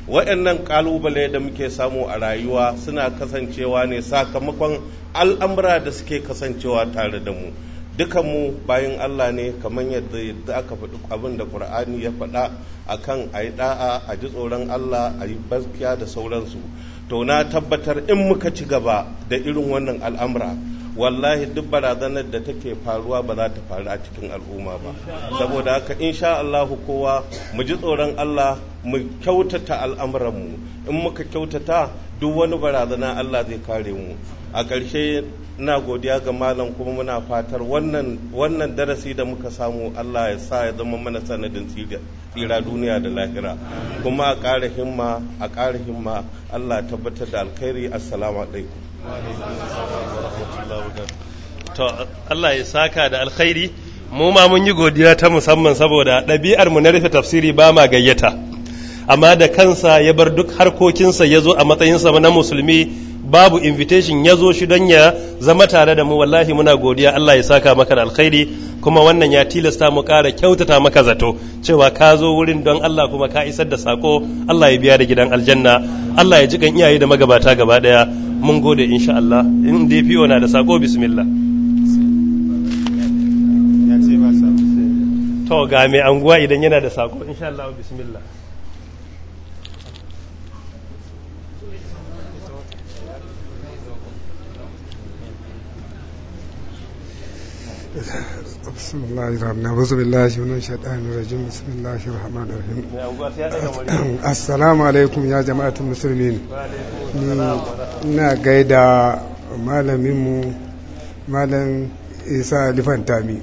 waɗannan ƙalubale da muke samu a rayuwa suna kasancewa ne sakamakon al'amura da suke kasancewa tare da mu dukan mu bayan Allah ne kamar yadda aka faɗi abin da ƙur'ani ya faɗa akan a yi ɗa'a a ji tsoron Allah a yi baskiya da sauransu to na tabbatar in muka ci gaba da irin wannan al'amura wallahi duk barazanar da take faruwa ba za ta faru a cikin al'umma ba saboda haka insha Allahu kowa mu ji tsoron Allah mu kyautata al'amuranmu in muka kyautata duk wani barazana Allah zai kare mu a ƙarshe na godiya ga malam kuma muna fatar wannan darasi da muka samu Allah ya sa ya zama mana sanadin tsira duniya da lahira kuma a ƙara himma a ƙara himma Allah tabbatar da alkhairi assalamu alaikum to Allah ya saka da alkhairi mu ma mun yi godiya ta musamman saboda ɗabi'ar mu na rufe tafsiri ba ma gayyata amma da kansa ya bar duk harkokinsa ya zo a matsayinsa na musulmi babu invitation ya zo shi don ya zama tare da mu wallahi muna godiya Allah ya saka maka da alkhairi kuma wannan ya tilasta mu ƙara kyautata maka zato cewa ka zo wurin don Allah kuma ka isar da sako Allah ya biya da gidan aljanna Allah ya ji kan iyaye da magabata gaba daya mun gode insha Allah in DPO na da sako bismillah to ga mai anguwa idan yana da sako insha Allah bismillah بسم الله الرحمن أعوذ بالله من الشيطان الرجيم بسم الله gaida malaminmu malam isa alifan tami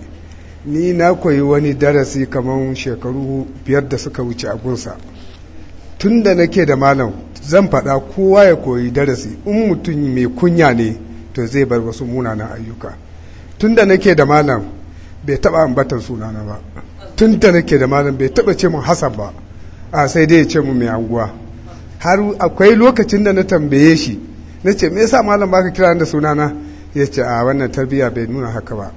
ni na koyi wani darasi kamar shekaru biyar da suka wuce a gunsa tun da nake da malam zan faɗa kowa ya koyi darasi in mutum mai kunya ne to zai bar wasu munanan ayyuka tun da nake da malam bai taɓa ambatan sunana ba tun da nake da malam bai taɓa ce mun hasan ba a sai dai ya ce mun mai anguwa har akwai lokacin da na tambaye shi na ce me yasa malam baka kira da sunana ya ce a wannan tarbiyya bai nuna haka ba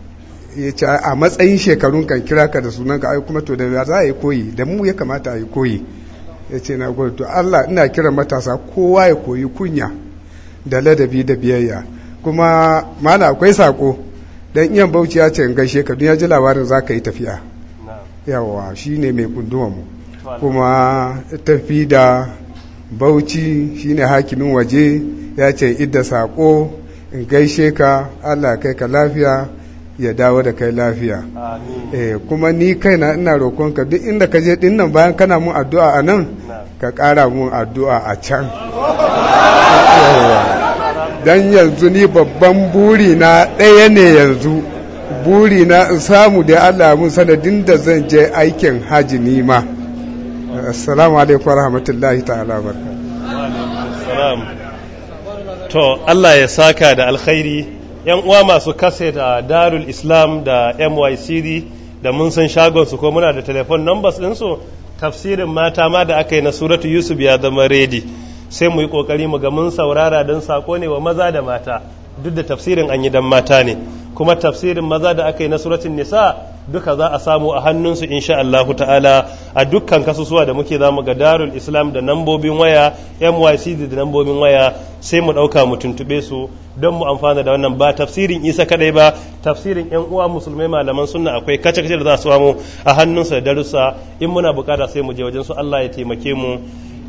ya ce a matsayin shekarun kan kira ka da sunanka ai kuma to da za a yi koyi da mu ya kamata a yi koyi ya ce na gode to Allah ina kiran matasa kowa ya koyi kunya da ladabi da biyayya kuma mana akwai sako dan iyan bauchi ya ce in gaishe ka ya ji labarin za ka yi tafiya yawa shi mai kunduwan mu kuma tafi da bauchi shine hakimin waje ya ce idda sako in gaishe ka Allah kai ka lafiya ya dawo da kai lafiya eh kuma ni kai na ina roƙonka duk inda ka je dinnan bayan kana mun addu'a a nan ka ƙara mun addu'a a can dan yanzu ni babban buri na ɗaya ne yanzu buri na in samu da Allah mun sanadin da zan je aikin haji ni ma assalamu alaikum rahmatullahi ta'ala barka to Allah ya saka da alkhairi yan uwa masu kase da darul islam da mycd da mun san shagonsu ko muna da telefon numbers ɗinsu tafsirin mata ma da aka yi na suratu yusuf ya zama redi sai mu yi ƙoƙari mu ga mun saurara don sako ne wa maza da mata duk da tafsirin an yi dan mata ne kuma tafsirin maza da aka yi na suratun nisa duka za a samu a hannunsu insha Allahu ta'ala a dukkan kasusuwa da muke zamu ga darul islam da nambobin waya myc da nambobin waya sai mu ɗauka mu tuntube su don mu amfana da wannan ba tafsirin isa kadai ba tafsirin yan uwa musulmai malaman sunna akwai kace kace da za su samu a hannunsa da darussa in muna bukata sai mu je wajen su Allah ya taimake mu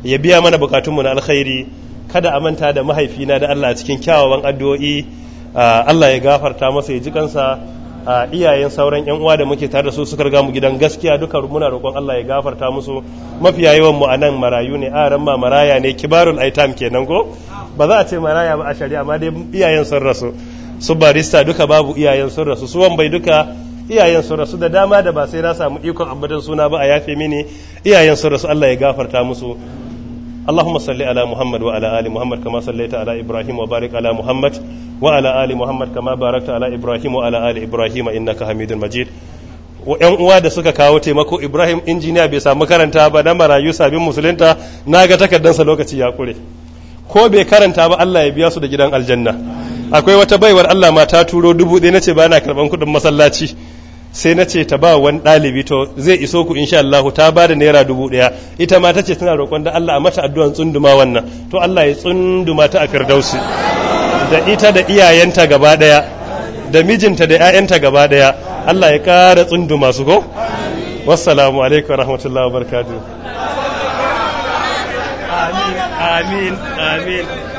ya biya mana bukatunmu na alkhairi kada a manta da mahaifina da Allah a cikin kyawawan addu'o'i ah, Allah ya gafarta masa ya ji kansa a iyayen sauran yan uwa da muke tare da su suka riga mu gidan gaskiya duka muna roƙon Allah ya gafarta musu mafiya yawan mu anan marayu ne aran ma maraya ne kibarul aitam kenan ko ba za a ce maraya ba a shari'a amma dai iyayen sun rasu su barista duka babu iyayen sun rasu su bai duka iyayen sun rasu da dama da ba sai na samu ikon abadan suna ba a yafe mini iyayen sun rasu Allah ya gafarta musu اللهم صل على محمد وعلى آل محمد كما صليت على وبارك على محمد وعلى محمد كما باركت على وعلى حميد مجيد yan uwa da suka kawo taimako Ibrahim injiniya bai samu karanta ba na marayu sabin musulunta na ga takardansa lokaci ya kure ko bai karanta ba Allah ya biya su da gidan aljanna akwai wata baiwar Allah ma ta turo dubu ɗaya na ce ba na karɓan kuɗin masallaci sai na ce ta ba wani ɗalibi to zai iso ku insha Allah ta ba da naira dubu ɗaya ita ma ta ce tana roƙon da Allah a mata addu'an tsunduma wannan to Allah ya tsunduma ta a firdausi da ita da iyayenta gaba ɗaya da mijinta da 'ya'yanta gaba ɗaya Allah ya ƙara tsunduma su ko wassalamu alaikum rahmatullahi wa barakatuh amin amin amin